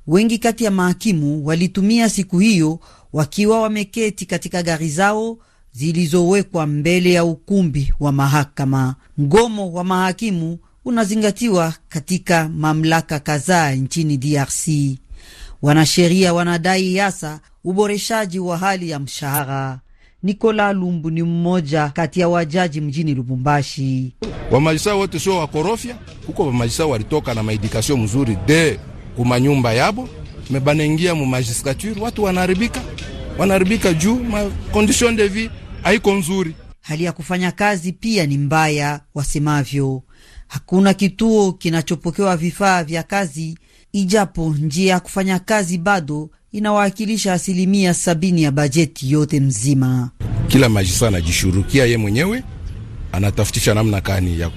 Wengi kati ya mahakimu walitumia siku hiyo wakiwa wameketi katika gari zao zilizowekwa mbele ya ukumbi wa mahakama. Mgomo wa mahakimu unazingatiwa katika mamlaka kadhaa nchini DRC. Wanasheria wanadai hasa uboreshaji wa hali ya mshahara. Nikola Lumbu ni mmoja kati ya wajaji mjini Lubumbashi. Wamajisa wote sio wakorofya, huko wamajisa walitoka na maidikasio mzuri de kumanyumba yabo mebanengia mumajistrature, watu wanaharibika, wanaharibika juu ma condition de vie haiko nzuri. Hali ya kufanya kazi pia ni mbaya, wasemavyo. Hakuna kituo kinachopokewa vifaa vya kazi ijapo njia ya kufanya kazi bado inawakilisha asilimia sabini ya bajeti yote mzima. Kila majisa anajishurukia ye mwenyewe, anatafutisha namna kani ya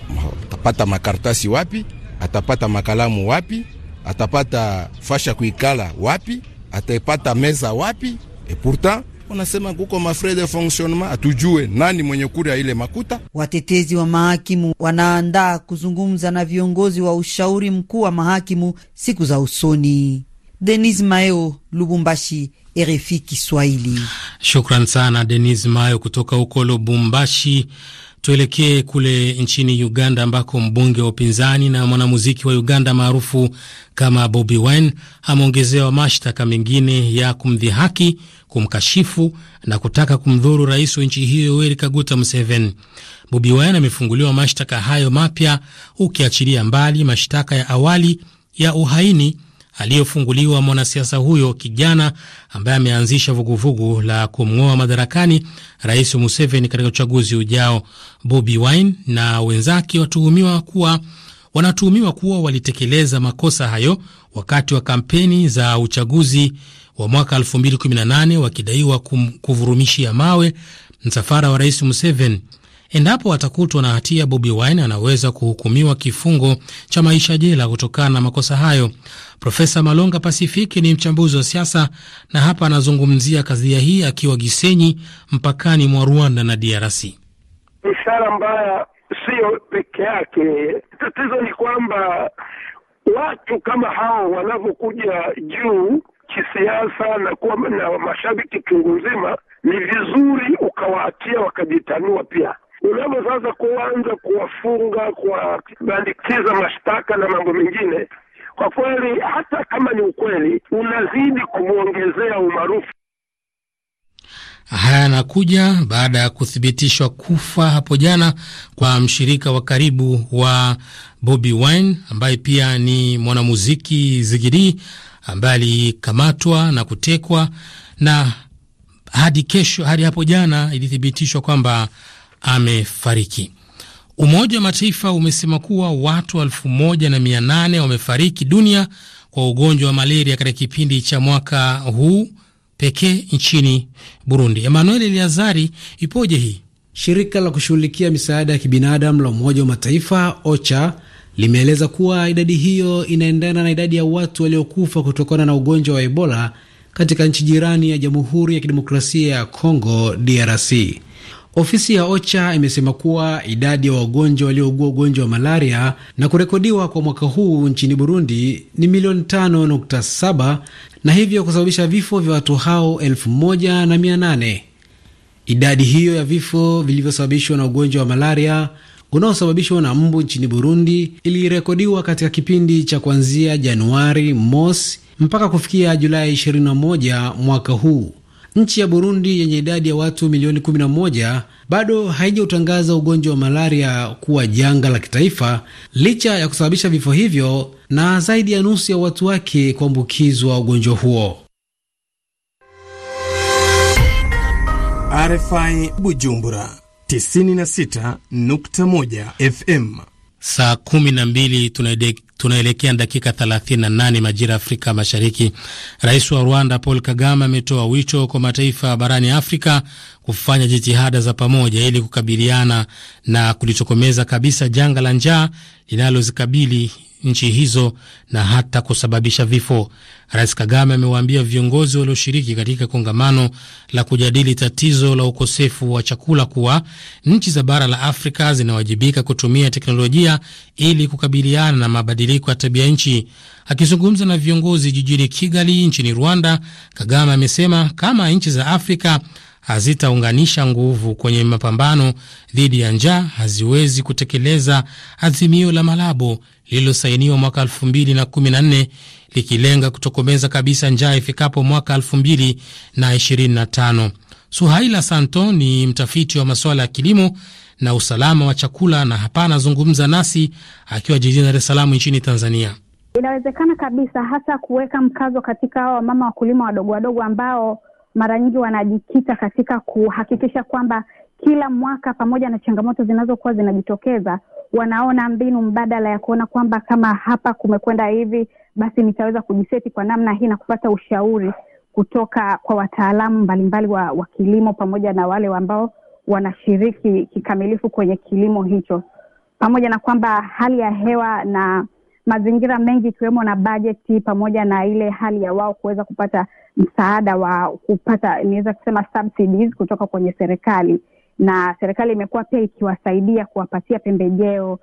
atapata makartasi wapi, atapata makalamu wapi, atapata fasha kuikala wapi, atapata meza wapi. E pourtant wanasema kuko mafrais de fonctionnement, atujue nani mwenye kuria ile makuta. Watetezi wa mahakimu wanaandaa kuzungumza na viongozi wa ushauri mkuu wa mahakimu siku za usoni. Denis Maeo, Lubumbashi, RFI Kiswahili. Shukran sana Denis Maeo kutoka huko Lubumbashi. Tuelekee kule nchini Uganda ambako mbunge wa upinzani na mwanamuziki wa Uganda maarufu kama Bobi Wine ameongezewa mashtaka mengine ya kumdhihaki, kumkashifu na kutaka kumdhuru rais wa nchi hiyo Yoweri Kaguta Museveni. Bobi Wine amefunguliwa mashtaka hayo mapya, ukiachilia mbali mashtaka ya awali ya uhaini aliyofunguliwa mwanasiasa huyo kijana ambaye ameanzisha vuguvugu la kumng'oa madarakani Rais Museveni katika uchaguzi ujao. Bobi Wine na wenzake watuhumiwa kuwa wanatuhumiwa kuwa walitekeleza makosa hayo wakati wa kampeni za uchaguzi wa mwaka 2018 wakidaiwa kuvurumishia mawe msafara wa Rais Museveni. Endapo atakutwa na hatia, Bobi Wine anaweza kuhukumiwa kifungo cha maisha jela kutokana na makosa hayo. Profesa Malonga Pasifiki ni mchambuzi wa siasa na hapa anazungumzia kadhia hii akiwa Gisenyi, mpakani mwa Rwanda na DRC. Ishara mbaya siyo peke yake, tatizo ni kwamba watu kama hao wanavyokuja juu kisiasa na kuwa na mashabiki chungu nzima, ni vizuri ukawaachia wakajitanua pia. Unavyosasa kuanza kuwafunga, kuwabandikiza mashtaka na mambo mengine, kwa kweli, hata kama ni ukweli, unazidi kumwongezea umaarufu. Haya yanakuja baada ya kuthibitishwa kufa hapo jana kwa mshirika wa karibu wa Bobi Wine ambaye pia ni mwanamuziki Zigiri ambaye alikamatwa na kutekwa, na hadi kesho, hadi hapo jana ilithibitishwa kwamba amefariki. Umoja wa Mataifa umesema kuwa watu elfu moja na mia nane wamefariki dunia kwa ugonjwa wa malaria katika kipindi cha mwaka huu pekee nchini Burundi. Emmanuel Eliazari, ipoje hii? Shirika la kushughulikia misaada ya kibinadamu la Umoja wa Mataifa OCHA limeeleza kuwa idadi hiyo inaendana na idadi ya watu waliokufa kutokana na ugonjwa wa Ebola katika nchi jirani ya Jamhuri ya Kidemokrasia ya Kongo DRC. Ofisi ya OCHA imesema kuwa idadi ya wagonjwa waliougua ugonjwa wa malaria na kurekodiwa kwa mwaka huu nchini Burundi ni milioni 5.7 na hivyo kusababisha vifo vya watu hao elfu moja na mia nane. Idadi hiyo ya vifo vilivyosababishwa na ugonjwa wa malaria unaosababishwa na mbu nchini Burundi ilirekodiwa katika kipindi cha kuanzia Januari mosi mpaka kufikia Julai 21 mwaka huu. Nchi ya Burundi yenye idadi ya watu milioni 11 bado haijautangaza ugonjwa wa malaria kuwa janga la kitaifa licha ya kusababisha vifo hivyo na zaidi ya nusu ya watu wake kuambukizwa ugonjwa huo. RFI Bujumbura 96.1 FM saa kumi na mbili tunaelekea dakika 38 majira Afrika Mashariki. Rais wa Rwanda Paul Kagame ametoa wito kwa mataifa barani Afrika kufanya jitihada za pamoja ili kukabiliana na kulitokomeza kabisa janga la njaa linalozikabili nchi hizo na hata kusababisha vifo. Rais Kagame amewaambia viongozi walioshiriki katika kongamano la kujadili tatizo la ukosefu wa chakula kuwa nchi za bara la Afrika zinawajibika kutumia teknolojia ili kukabiliana na mabadiliko ya tabia nchi. Akizungumza na viongozi jijini Kigali nchini Rwanda, Kagame amesema kama nchi za Afrika hazitaunganisha nguvu kwenye mapambano dhidi ya njaa haziwezi kutekeleza azimio la Malabo lililosainiwa mwaka 2014 likilenga kutokomeza kabisa njaa ifikapo mwaka 2025. Suhaila Santo ni mtafiti wa masuala ya kilimo na usalama wa chakula na hapa anazungumza nasi akiwa jijini Dar es Salaam nchini Tanzania. Inawezekana kabisa, hasa kuweka mkazo katika hao wamama wakulima wadogo wadogo ambao mara nyingi wanajikita katika kuhakikisha kwamba kila mwaka, pamoja na changamoto zinazokuwa zinajitokeza, wanaona mbinu mbadala ya kuona kwamba kama hapa kumekwenda hivi, basi nitaweza kujiseti kwa namna hii na kupata ushauri kutoka kwa wataalamu mbalimbali wa, wa kilimo pamoja na wale ambao wanashiriki kikamilifu kwenye kilimo hicho, pamoja na kwamba hali ya hewa na mazingira mengi ikiwemo na bajeti pamoja na ile hali ya wao kuweza kupata msaada wa kupata niweza kusema subsidies kutoka kwenye serikali na serikali imekuwa pia ikiwasaidia kuwapatia pembejeo.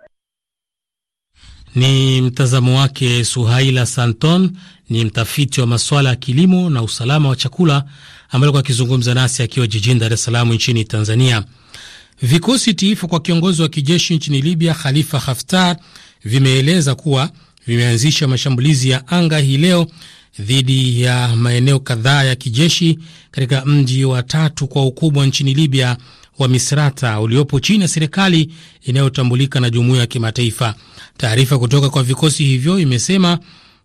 Ni mtazamo wake Suhaila Santon, ni mtafiti wa masuala ya kilimo na usalama wa chakula, ambaye alikuwa akizungumza nasi akiwa jijini Dar es Salaam nchini Tanzania. Vikosi tiifu kwa kiongozi wa kijeshi nchini Libya Khalifa Haftar vimeeleza kuwa vimeanzisha mashambulizi ya anga hii leo dhidi ya maeneo kadhaa ya kijeshi katika mji wa tatu kwa ukubwa nchini Libya wa Misrata uliopo chini ya serikali inayotambulika na jumuiya ya kimataifa. Taarifa kutoka kwa vikosi hivyo imesema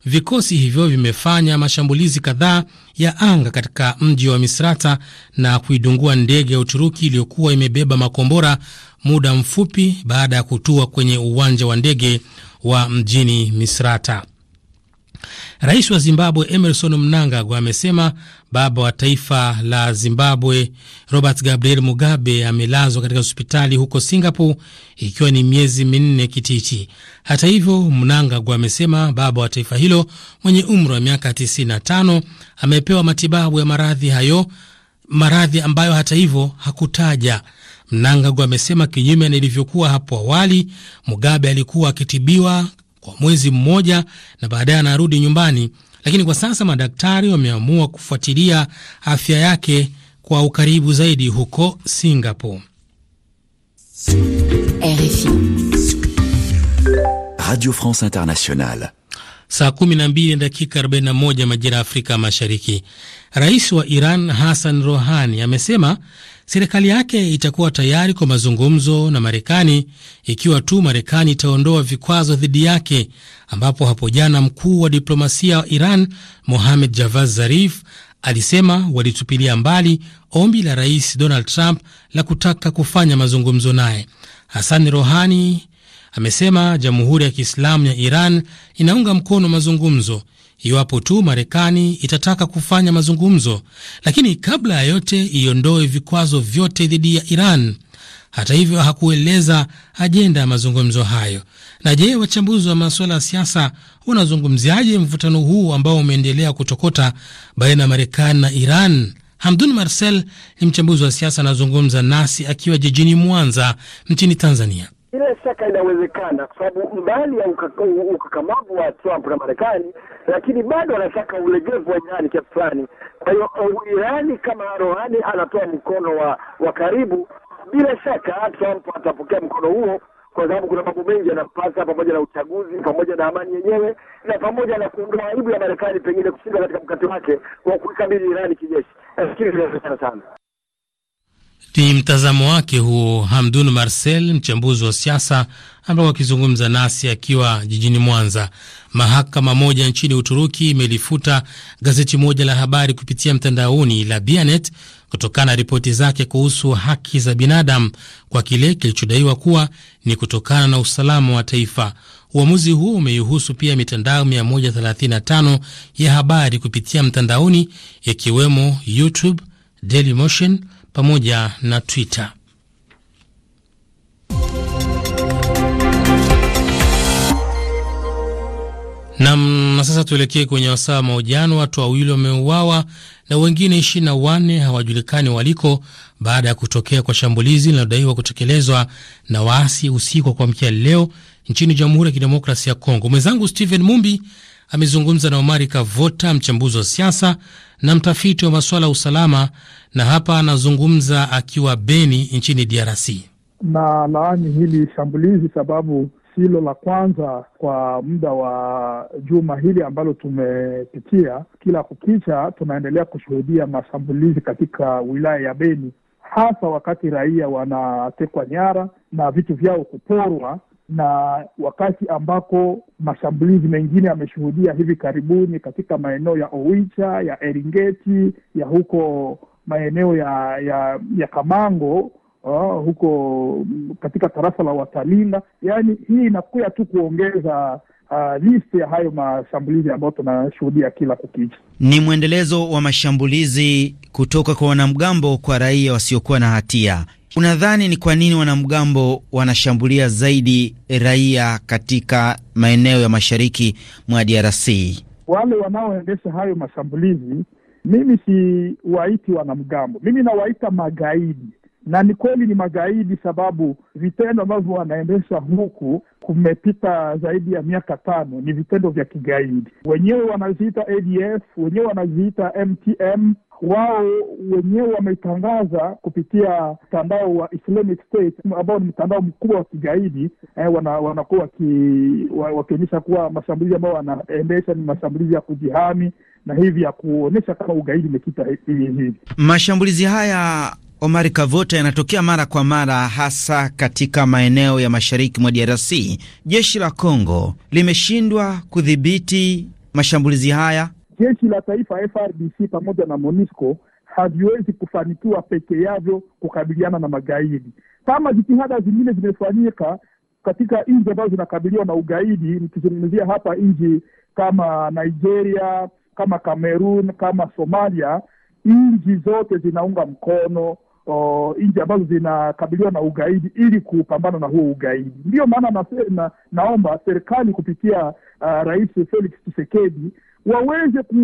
vikosi hivyo vimefanya mashambulizi kadhaa ya anga katika mji wa Misrata na kuidungua ndege ya Uturuki iliyokuwa imebeba makombora muda mfupi baada ya kutua kwenye uwanja wa ndege wa mjini Misrata. Rais wa Zimbabwe Emerson Mnangagwa amesema baba wa taifa la Zimbabwe Robert Gabriel Mugabe amelazwa katika hospitali huko Singapore ikiwa ni miezi minne kititi. Hata hivyo, Mnangagwa amesema baba wa taifa hilo mwenye umri wa miaka 95 amepewa matibabu ya maradhi hayo, maradhi ambayo hata hivyo hakutaja. Mnangagwa amesema kinyume na ilivyokuwa hapo awali, Mugabe alikuwa akitibiwa kwa mwezi mmoja na baadaye anarudi nyumbani, lakini kwa sasa madaktari wameamua kufuatilia afya yake kwa ukaribu zaidi huko Singapore. RFI Radio France Internationale. Saa kumi na mbili dakika 41 moja majira ya Afrika Mashariki. Rais wa Iran Hassan Rohani amesema serikali yake itakuwa tayari kwa mazungumzo na Marekani ikiwa tu Marekani itaondoa vikwazo dhidi yake, ambapo hapo jana mkuu wa diplomasia wa Iran Mohamed Javad Zarif alisema walitupilia mbali ombi la Rais Donald Trump la kutaka kufanya mazungumzo naye. Hassan Rohani amesema Jamhuri ya Kiislamu ya Iran inaunga mkono mazungumzo iwapo tu Marekani itataka kufanya mazungumzo, lakini kabla ya yote iondoe vikwazo vyote dhidi ya Iran. Hata hivyo hakueleza ajenda ya mazungumzo hayo. Na je, wachambuzi wa masuala ya siasa wanazungumziaje mvutano huu ambao umeendelea kutokota baina ya Marekani na Iran? Hamdun Marcel ni mchambuzi wa siasa, anazungumza nasi akiwa jijini Mwanza nchini Tanzania bila shaka inawezekana, kwa sababu mbali ya ukakamavu wa Trump na Marekani, lakini bado anataka ulegevu wa Irani kiasi fulani. Kwa hiyo Irani, kama Rohani anatoa mkono wa wa karibu, bila shaka Trump atapokea mkono huo, kwa sababu kuna mambo mengi yanampasa, pamoja na uchaguzi, pamoja na amani yenyewe, na pamoja na kuondoa aibu ya Marekani pengine kushinda katika mkate wake wa kuikabili Irani kijeshi. Nafikiri inawezekana sana. Ni mtazamo wake huo Hamdun Marcel, mchambuzi wa siasa, ambao akizungumza nasi akiwa jijini Mwanza. Mahakama moja nchini Uturuki imelifuta gazeti moja la habari kupitia mtandaoni la Bianet kutokana na ripoti zake kuhusu haki za binadamu kwa kile kilichodaiwa kuwa ni kutokana na usalama wa taifa. Uamuzi huo umeihusu pia mitandao 135 ya habari kupitia mtandaoni ikiwemo YouTube, Dailymotion pamoja na Twitter. Nam, na sasa tuelekee kwenye wasaa wa mahojiano. Watu wawili wameuawa na wengine ishirini na wanne hawajulikani waliko baada ya kutokea kwa shambulizi linalodaiwa kutekelezwa na waasi usiku wa kuamkia leo nchini Jamhuri ya Kidemokrasi ya Kongo. Mwenzangu Stephen Mumbi amezungumza na Omari Kavota, mchambuzi wa siasa na mtafiti wa masuala ya usalama, na hapa anazungumza akiwa Beni nchini DRC. Na laani hili shambulizi sababu silo la kwanza kwa muda wa juma hili ambalo tumepitia. Kila kukicha tunaendelea kushuhudia mashambulizi katika wilaya ya Beni, hasa wakati raia wanatekwa nyara na vitu vyao kuporwa, na wakati ambako mashambulizi mengine yameshuhudia hivi karibuni katika maeneo ya Owicha, ya Eringeti, ya huko maeneo ya ya ya Kamango uh, huko mm, katika tarafa la watalinda yani hii inakuya tu kuongeza uh, list ya hayo mashambulizi ambayo tunashuhudia kila kukicha. Ni mwendelezo wa mashambulizi kutoka kwa wanamgambo kwa raia wasiokuwa na hatia. Unadhani ni kwa nini wanamgambo wanashambulia zaidi raia katika maeneo ya mashariki mwa DRC? Wale wanaoendesha hayo mashambulizi mimi si waiti wanamgambo, mimi nawaita magaidi, na ni kweli ni magaidi, sababu vitendo ambavyo wanaendesha huku kumepita zaidi ya miaka tano, ni vitendo vya kigaidi. Wenyewe wanaziita ADF, wenyewe wanaziita MTM wao wenyewe wametangaza kupitia mtandao wa Islamic State ambao ni mtandao mkubwa wa kigaidi eh, wana, wanakuwa wakionyesha kuwa mashambulizi ambayo wanaendesha ni mashambulizi ya kujihami na hivi ya kuonyesha kama ugaidi umekita hivi hivi. Mashambulizi haya Omari Kavota, yanatokea mara kwa mara, hasa katika maeneo ya mashariki mwa DRC. Jeshi la Kongo limeshindwa kudhibiti mashambulizi haya jeshi la taifa FRDC pamoja na MONUSCO haviwezi kufanikiwa peke yavyo kukabiliana na magaidi. Kama jitihada zingine zimefanyika katika nchi ambazo zinakabiliwa na ugaidi, nikizungumzia hapa nchi kama Nigeria, kama Cameroon, kama Somalia, nchi zote zinaunga mkono nchi ambazo zinakabiliwa na ugaidi ili kupambana na huo ugaidi. Ndiyo maana na, na, naomba serikali kupitia uh, Rais Felix Tshisekedi waweze ku,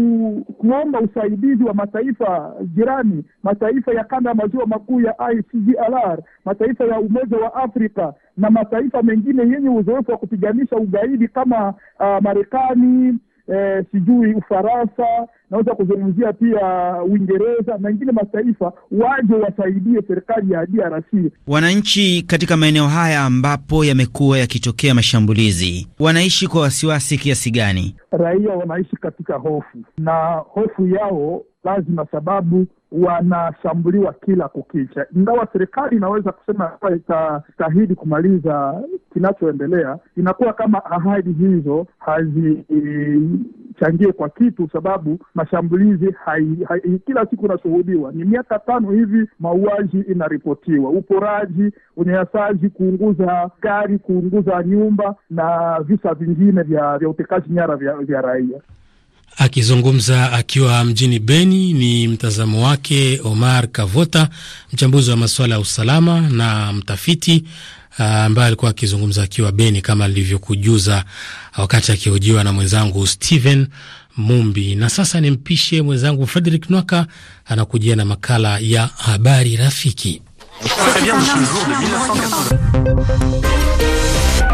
kuomba usaidizi wa mataifa jirani, mataifa ya kanda ya maziwa makuu ya ICGLR, mataifa ya Umoja wa Afrika na mataifa mengine yenye uzoefu wa kupiganisha ugaidi kama uh, Marekani eh, sijui Ufaransa, naweza kuzungumzia pia Uingereza na ingine mataifa, waje wasaidie serikali ya DRC. Wananchi katika maeneo haya ambapo yamekuwa yakitokea mashambulizi wanaishi kwa wasiwasi kiasi gani? Raia wanaishi katika hofu na hofu yao lazima, sababu wanashambuliwa kila kukicha. Ingawa serikali inaweza kusema kuwa itastahidi kumaliza kinachoendelea, inakuwa kama ahadi hizo hazichangie kwa kitu, sababu mashambulizi hai, hai, kila siku inashuhudiwa. Ni miaka tano hivi mauaji inaripotiwa, uporaji, unyanyasaji, kuunguza gari, kuunguza nyumba na visa vingine vya, vya utekaji nyara vya, vya raia. Akizungumza akiwa mjini Beni, ni mtazamo wake Omar Kavota, mchambuzi wa masuala ya usalama na mtafiti ah, ambaye alikuwa akizungumza akiwa Beni kama alivyokujuza wakati akihojiwa na mwenzangu Steven Mumbi. Na sasa nimpishe mwenzangu Frederick Nwaka anakujia na makala ya habari rafiki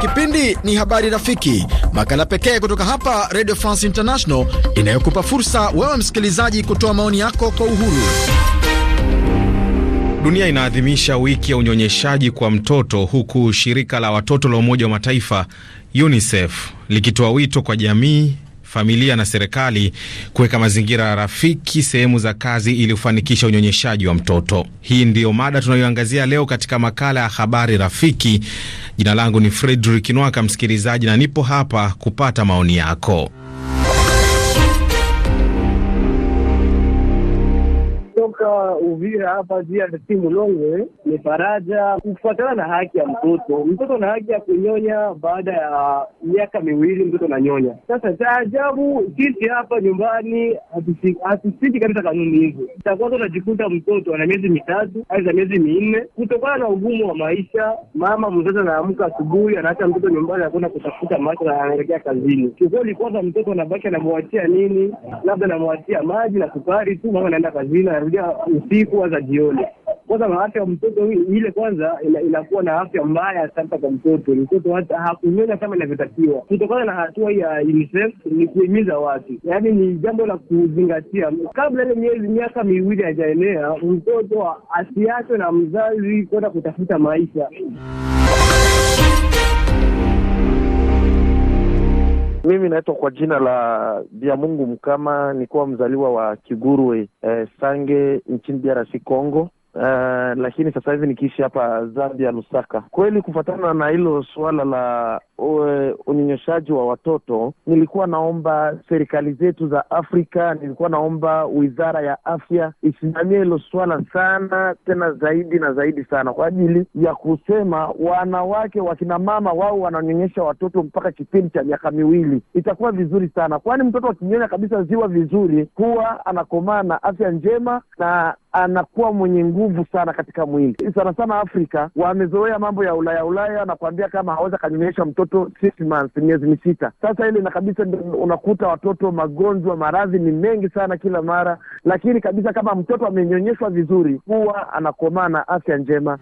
Kipindi ni Habari Rafiki, makala pekee kutoka hapa Radio France International inayokupa fursa wewe msikilizaji kutoa maoni yako kwa uhuru. Dunia inaadhimisha wiki ya unyonyeshaji kwa mtoto huku shirika la watoto la Umoja wa Mataifa UNICEF likitoa wito kwa jamii familia na serikali kuweka mazingira rafiki sehemu za kazi ili kufanikisha unyonyeshaji wa mtoto. Hii ndiyo mada tunayoangazia leo katika makala ya habari rafiki. Jina langu ni Fredrick Nwaka, msikilizaji, na nipo hapa kupata maoni yako. kutoka Uvira hapa ya ati Mulongwe ni faraja kufuatana na haki ya mtoto. Mtoto na haki ya kunyonya baada ya miaka miwili mtoto ananyonya. Sasa cha ajabu, sisi hapa nyumbani hatusiki kabisa kanuni hizo. Itakuwa unajikuta mtoto ana miezi mitatu hadi za miezi minne, kutokana na ugumu wa maisha. Mama mzazi anaamka asubuhi, anaacha mtoto nyumbani, anakwenda kutafuta macho na anaelekea kazini. Kiukweli kwanza mtoto anabaki anamwachia nini? Labda anamwachia maji na sukari tu, mama anaenda kazini, anarudia usiku za jioni. Kwanza afya ya mtoto ile kwanza inakuwa na afya mbaya sana kwa mtoto. Mtoto hata hakunyonya kama inavyotakiwa. Kutokana na hatua ya UNICEF ni kuhimiza watu, yaani ni jambo la kuzingatia kabla ile miezi miaka miwili hajaenea, mtoto asiachwe na mzazi kwenda kutafuta maisha. Mimi naitwa kwa jina la Biamungu Mkama, nikuwa mzaliwa wa Kigurwe eh, Sange nchini DRC Congo. Uh, lakini sasa hivi nikiishi hapa Zambia Lusaka. Kweli, kufuatana na hilo suala la unyonyeshaji wa watoto, nilikuwa naomba serikali zetu za Afrika, nilikuwa naomba wizara ya afya isimamie hilo swala sana, tena zaidi na zaidi sana, kwa ajili ya kusema wanawake, wakinamama wao wananyonyesha watoto mpaka kipindi cha miaka miwili, itakuwa vizuri sana, kwani mtoto akinyonya kabisa ziwa vizuri, huwa anakomaa na afya njema na anakuwa mwenye nguvu sana katika mwili. Sana sana Afrika wamezoea mambo ya Ulaya Ulaya, anakuambia kama hawezi akanyonyesha mtoto watoto six months, miezi misita. Sasa ile na kabisa unakuta watoto magonjwa, maradhi ni mengi sana kila mara, lakini kabisa kama mtoto amenyonyeshwa vizuri, huwa anakomaa na afya njema.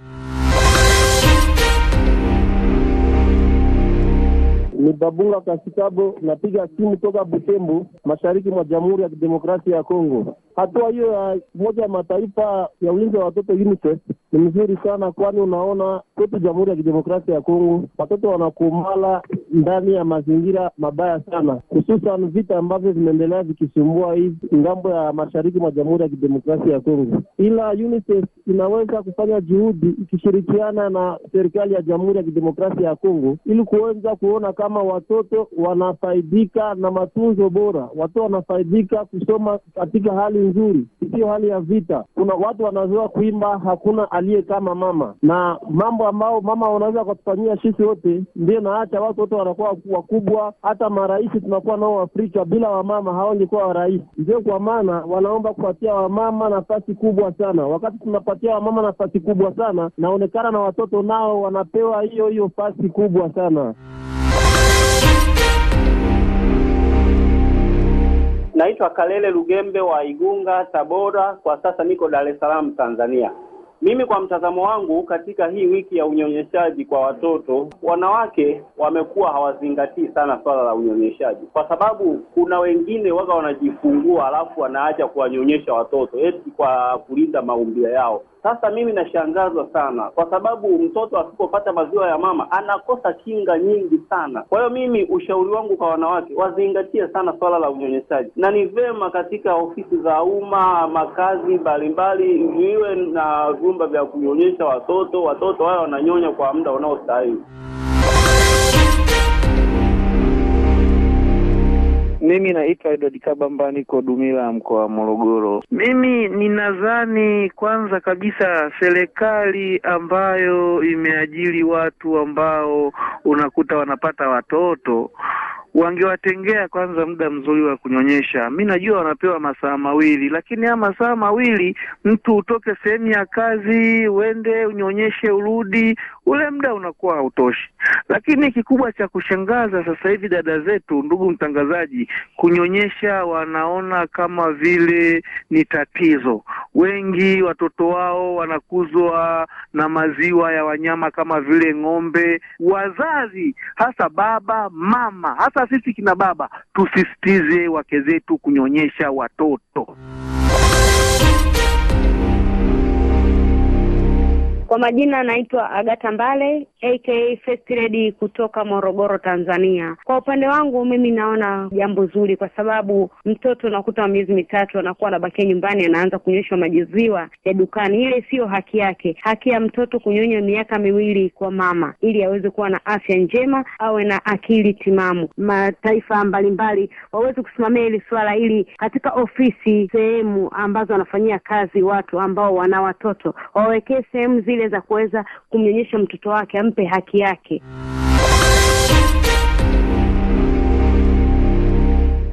Ni Babunga Kasikabo, napiga simu toka Butembo, mashariki mwa Jamhuri ya Kidemokrasia ya Kongo hatua hiyo ya moja ya mataifa ya ulinzi wa watoto UNICEF ni mzuri sana, kwani unaona kwetu Jamhuri ya Kidemokrasia ya Kongo watoto wanakumala ndani ya mazingira mabaya sana, hususan vita ambavyo vimeendelea vikisumbua hivi ngambo ya mashariki mwa Jamhuri ya Kidemokrasia ya Kongo. Ila UNICEF inaweza kufanya juhudi ikishirikiana na serikali ya Jamhuri ya Kidemokrasia ya Kongo ili kuweza kuona kama watoto wanafaidika na matunzo bora, watoto wanafaidika kusoma katika hali nzuri, isiyo hali ya vita. Kuna watu wanazoea kuimba hakuna aliye kama mama, na mambo ambayo mama wanaweza kutufanyia sisi wote, ndio naacha watu wote wanakuwa wakubwa. Hata marais tunakuwa nao Afrika, bila wamama hawangekuwa warahisi Ndio kwa maana wanaomba kupatia wamama nafasi kubwa sana. Wakati tunapatia wamama nafasi kubwa sana, naonekana na watoto nao wanapewa hiyo hiyo fasi kubwa sana. Naitwa Kalele Lugembe wa Igunga, Tabora. Kwa sasa niko Dar es Salaam, Tanzania. Mimi kwa mtazamo wangu, katika hii wiki ya unyonyeshaji kwa watoto, wanawake wamekuwa hawazingatii sana swala la unyonyeshaji, kwa sababu kuna wengine waga wanajifungua, alafu wanaacha kuwanyonyesha watoto eti kwa kulinda maumbile yao. Sasa mimi nashangazwa sana, kwa sababu mtoto asipopata maziwa ya mama anakosa kinga nyingi sana. Kwa hiyo mimi ushauri wangu kwa wanawake wazingatie sana swala la unyonyeshaji, na ni vema katika ofisi za umma, makazi mbalimbali, viwe na vyumba vya kunyonyesha watoto. Watoto wao wananyonya kwa muda unaostahili. Mimi naitwa Edward Kabamba, niko Dumila, mkoa wa Morogoro. Mimi ninadhani kwanza kabisa serikali ambayo imeajiri watu ambao unakuta wanapata watoto wangewatengea kwanza muda mzuri wa kunyonyesha. Mi najua wanapewa masaa mawili, lakini haya masaa mawili mtu utoke sehemu ya kazi uende unyonyeshe urudi, ule muda unakuwa hautoshi. Lakini kikubwa cha kushangaza sasa hivi, dada zetu, ndugu mtangazaji, kunyonyesha wanaona kama vile ni tatizo. Wengi watoto wao wanakuzwa na maziwa ya wanyama kama vile ng'ombe. Wazazi hasa baba mama, hasa sisi kina baba, tusisitize wake zetu kunyonyesha watoto. Kwa majina anaitwa Agata Mbale aka First Lady kutoka Morogoro, Tanzania. Kwa upande wangu mimi naona jambo zuri, kwa sababu mtoto unakuta miezi mitatu anakuwa anabakia nyumbani, anaanza kunyonyeshwa majiziwa ya dukani. Ile siyo haki yake. Haki ya mtoto kunyonywa miaka miwili kwa mama, ili aweze kuwa na afya njema, awe na akili timamu. Mataifa mbalimbali waweze kusimamia hili swala, ili katika ofisi, sehemu ambazo wanafanyia kazi watu ambao wana watoto wawekee sehemu zile anaweza kuweza kumnyonyesha mtoto wake, ampe haki yake.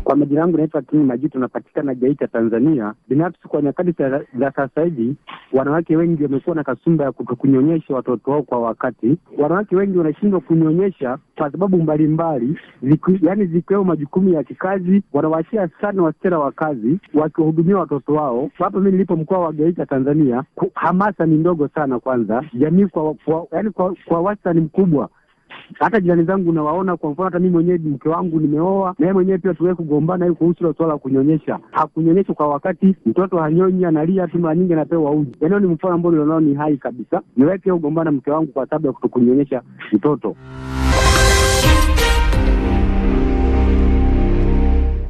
Kwa majina yangu naitwa Kini Maji, tunapatikana Geita, Tanzania. Binafsi, kwa nyakati za sasa hivi, wanawake wengi wamekuwa na kasumba ya kunyonyesha watoto wao kwa wakati. Wanawake wengi wanashindwa kunyonyesha kwa sababu mbalimbali ziku, yani zikiwemo majukumu ya kikazi. Wanawashia sana wasichana wa kazi wakiwahudumia watoto wao. Hapa mi nilipo mkoa wa Geita, Tanzania, hamasa ni ndogo sana. Kwanza jamii kwa, kwa, yani kwa, kwa wastani mkubwa hata jirani zangu nawaona, kwa mfano hata mimi mwenyewe mke wangu nimeoa na yeye mwenyewe pia tuwee kugombana hii kuhusu hilo swala la kunyonyesha. Hakunyonyesha kwa wakati, mtoto hanyonyi, analia tu, mara nyingi anapewa uji. Yani ni mfano ambao nilionao ni hai kabisa, niwahi pia kugombana mke wangu kwa sababu ya kutokunyonyesha mtoto.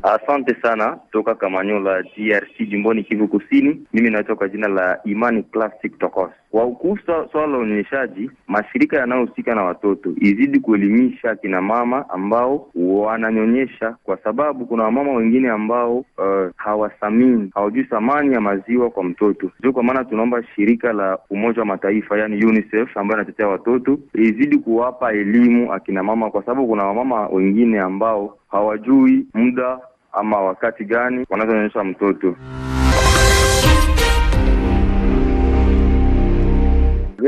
Asante sana toka Kamanyola, DRC, jimboni Kivu Kusini. Mimi naitwa kwa jina la Imani Classic Tokos. Kwa kuhusu swala la unyonyeshaji, mashirika yanayohusika na watoto izidi kuelimisha kina mama ambao wananyonyesha, kwa sababu kuna wamama wengine ambao uh, eh, hawathamini, hawajui thamani ya maziwa kwa mtoto. Ndio kwa maana tunaomba shirika la Umoja wa Mataifa, yani UNICEF, ambayo inatetea watoto izidi kuwapa elimu akina mama, kwa sababu kuna wamama wengine ambao hawajui muda ama wakati gani wanazonyonyesha mtoto.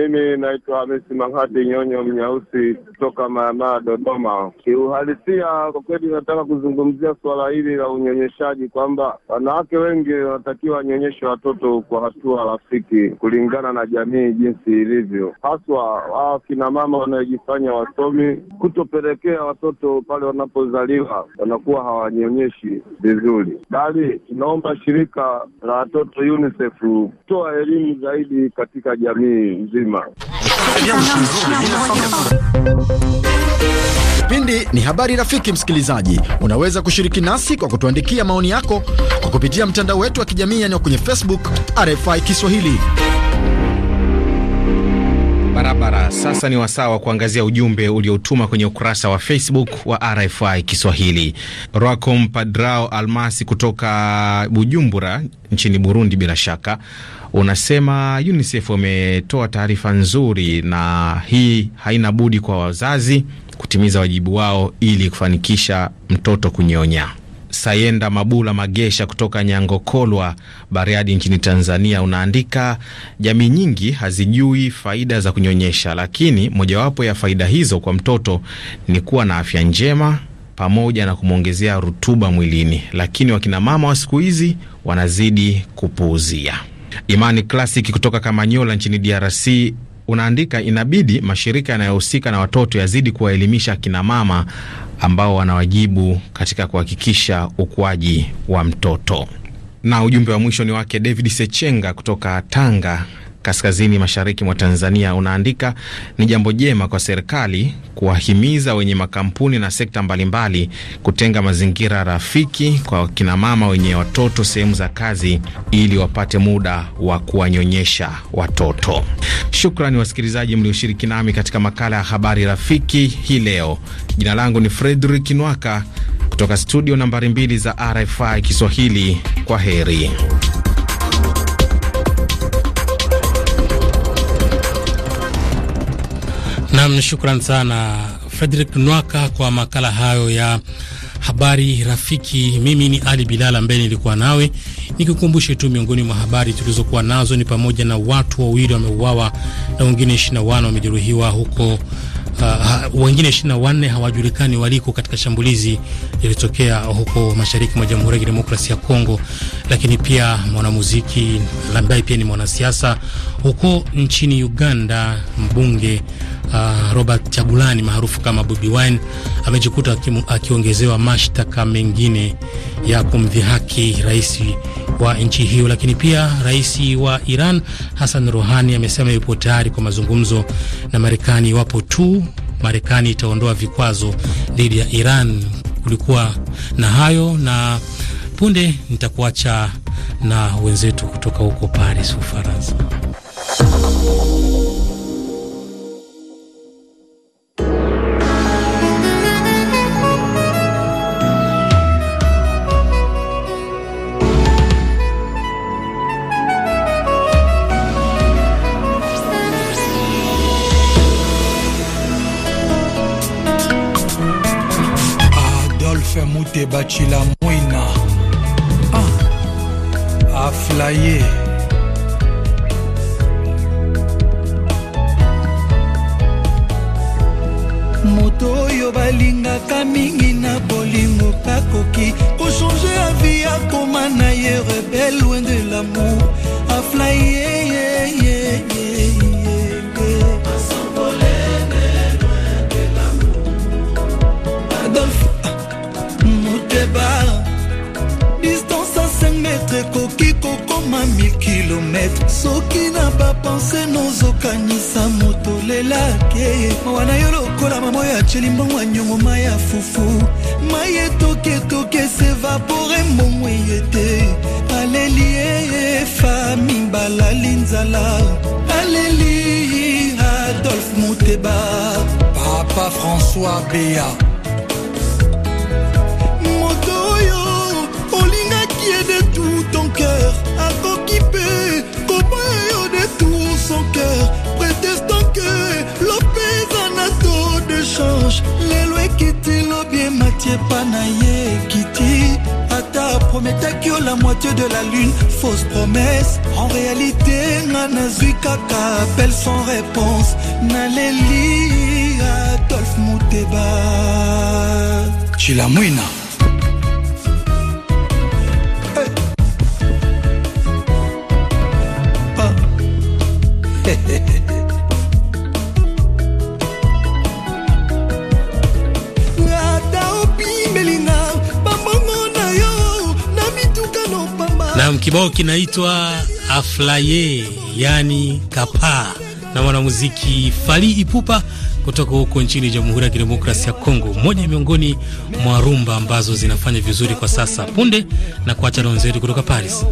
Mimi naitwa Hamisi Manghati Nyonyo Mnyausi kutoka Mayamaa, Dodoma. Kiuhalisia, kwa kweli, nataka kuzungumzia suala hili la unyonyeshaji, kwamba wanawake wengi wanatakiwa wanyonyeshe watoto kwa hatua rafiki kulingana na jamii jinsi ilivyo, haswa wakina mama wanaojifanya wasomi, kutopelekea watoto pale wanapozaliwa wanakuwa hawanyonyeshi vizuri, bali tunaomba shirika la watoto UNICEF kutoa elimu zaidi katika jamii nzima mzima. Kipindi ni habari rafiki. Msikilizaji, unaweza kushiriki nasi kwa kutuandikia maoni yako kwa kupitia mtandao wetu wa kijamii, yani kwenye Facebook RFI Kiswahili barabara. Sasa ni wasaa wa kuangazia ujumbe uliotuma kwenye ukurasa wa Facebook wa RFI Kiswahili. Rwakom Padrao Almasi kutoka Bujumbura nchini Burundi, bila shaka unasema UNICEF wametoa taarifa nzuri, na hii haina budi kwa wazazi kutimiza wajibu wao ili kufanikisha mtoto kunyonya. Sayenda Mabula Magesha kutoka Nyangokolwa, Bariadi nchini Tanzania, unaandika jamii nyingi hazijui faida za kunyonyesha, lakini mojawapo ya faida hizo kwa mtoto ni kuwa na afya njema pamoja na kumwongezea rutuba mwilini, lakini wakinamama wa siku hizi wanazidi kupuuzia. Imani Classic kutoka Kamanyola nchini DRC unaandika, inabidi mashirika yanayohusika na watoto yazidi kuwaelimisha kinamama ambao wanawajibu katika kuhakikisha ukuaji wa mtoto. Na ujumbe wa mwisho ni wake David Sechenga kutoka Tanga, kaskazini mashariki mwa Tanzania unaandika, ni jambo jema kwa serikali kuwahimiza wenye makampuni na sekta mbalimbali kutenga mazingira rafiki kwa kinamama wenye watoto sehemu za kazi ili wapate muda wa kuwanyonyesha watoto. Shukrani wasikilizaji mlioshiriki nami katika makala ya habari rafiki hii leo. Jina langu ni fredrik Nwaka kutoka studio nambari mbili za RFI Kiswahili. Kwa heri. Nam, shukran sana Frederick Nwaka kwa makala hayo ya habari rafiki. Mimi ni Ali Bilal ambaye nilikuwa nawe, nikukumbushe tu miongoni mwa habari tulizokuwa nazo ni pamoja na watu wawili wameuawa na wengine 21 wamejeruhiwa huko Uh, wengine 24 hawajulikani waliko katika shambulizi lilitokea huko mashariki mwa Jamhuri ya Kidemokrasia ya Kongo. Lakini pia mwanamuziki ambaye pia ni mwanasiasa huko nchini Uganda, mbunge uh, Robert Chagulani maarufu kama Bobi Wine amejikuta akiongezewa mashtaka mengine ya kumdhihaki rais wa nchi hiyo. Lakini pia rais wa Iran Hassan Rouhani amesema yupo tayari kwa mazungumzo na Marekani iwapo tu Marekani itaondoa vikwazo dhidi ya Iran. Kulikuwa na hayo na punde nitakuacha na wenzetu kutoka huko Paris, Ufaransa. te bacila mwina ah, aflaye Toyo Balinga balin, à Kamini, n'a Ko l'humour pas Pour changer la vie, à Komanaye, rebelle, loin de l'amour A flyer, à loin de l'amour Adolf, nous débarrons Distance à cinq mètres, coquille, cocoma, mille kilomètres Ce qui n'a pas pensé, nous au canis, à mawa na yo lokola mamo aceli mbongo anyongo ya fufu mai etoketoke sevapore te aleli la nzala adolf papa françois bea moto oyo tout ton cœur akoki mpe panaye Kitty ata prometaki yo la moitié de la lune fausse promesse en réalité nga nazwi kaka appelle sans réponse naleli adolphe Mouteba, chilamwina Kibao kinaitwa Aflaye, yani kapaa, na mwanamuziki Fali Ipupa kutoka huko nchini Jamhuri ya Kidemokrasia ya Kongo, moja miongoni mwa rumba ambazo zinafanya vizuri kwa sasa. Punde na kuacha na wenzetu kutoka Paris.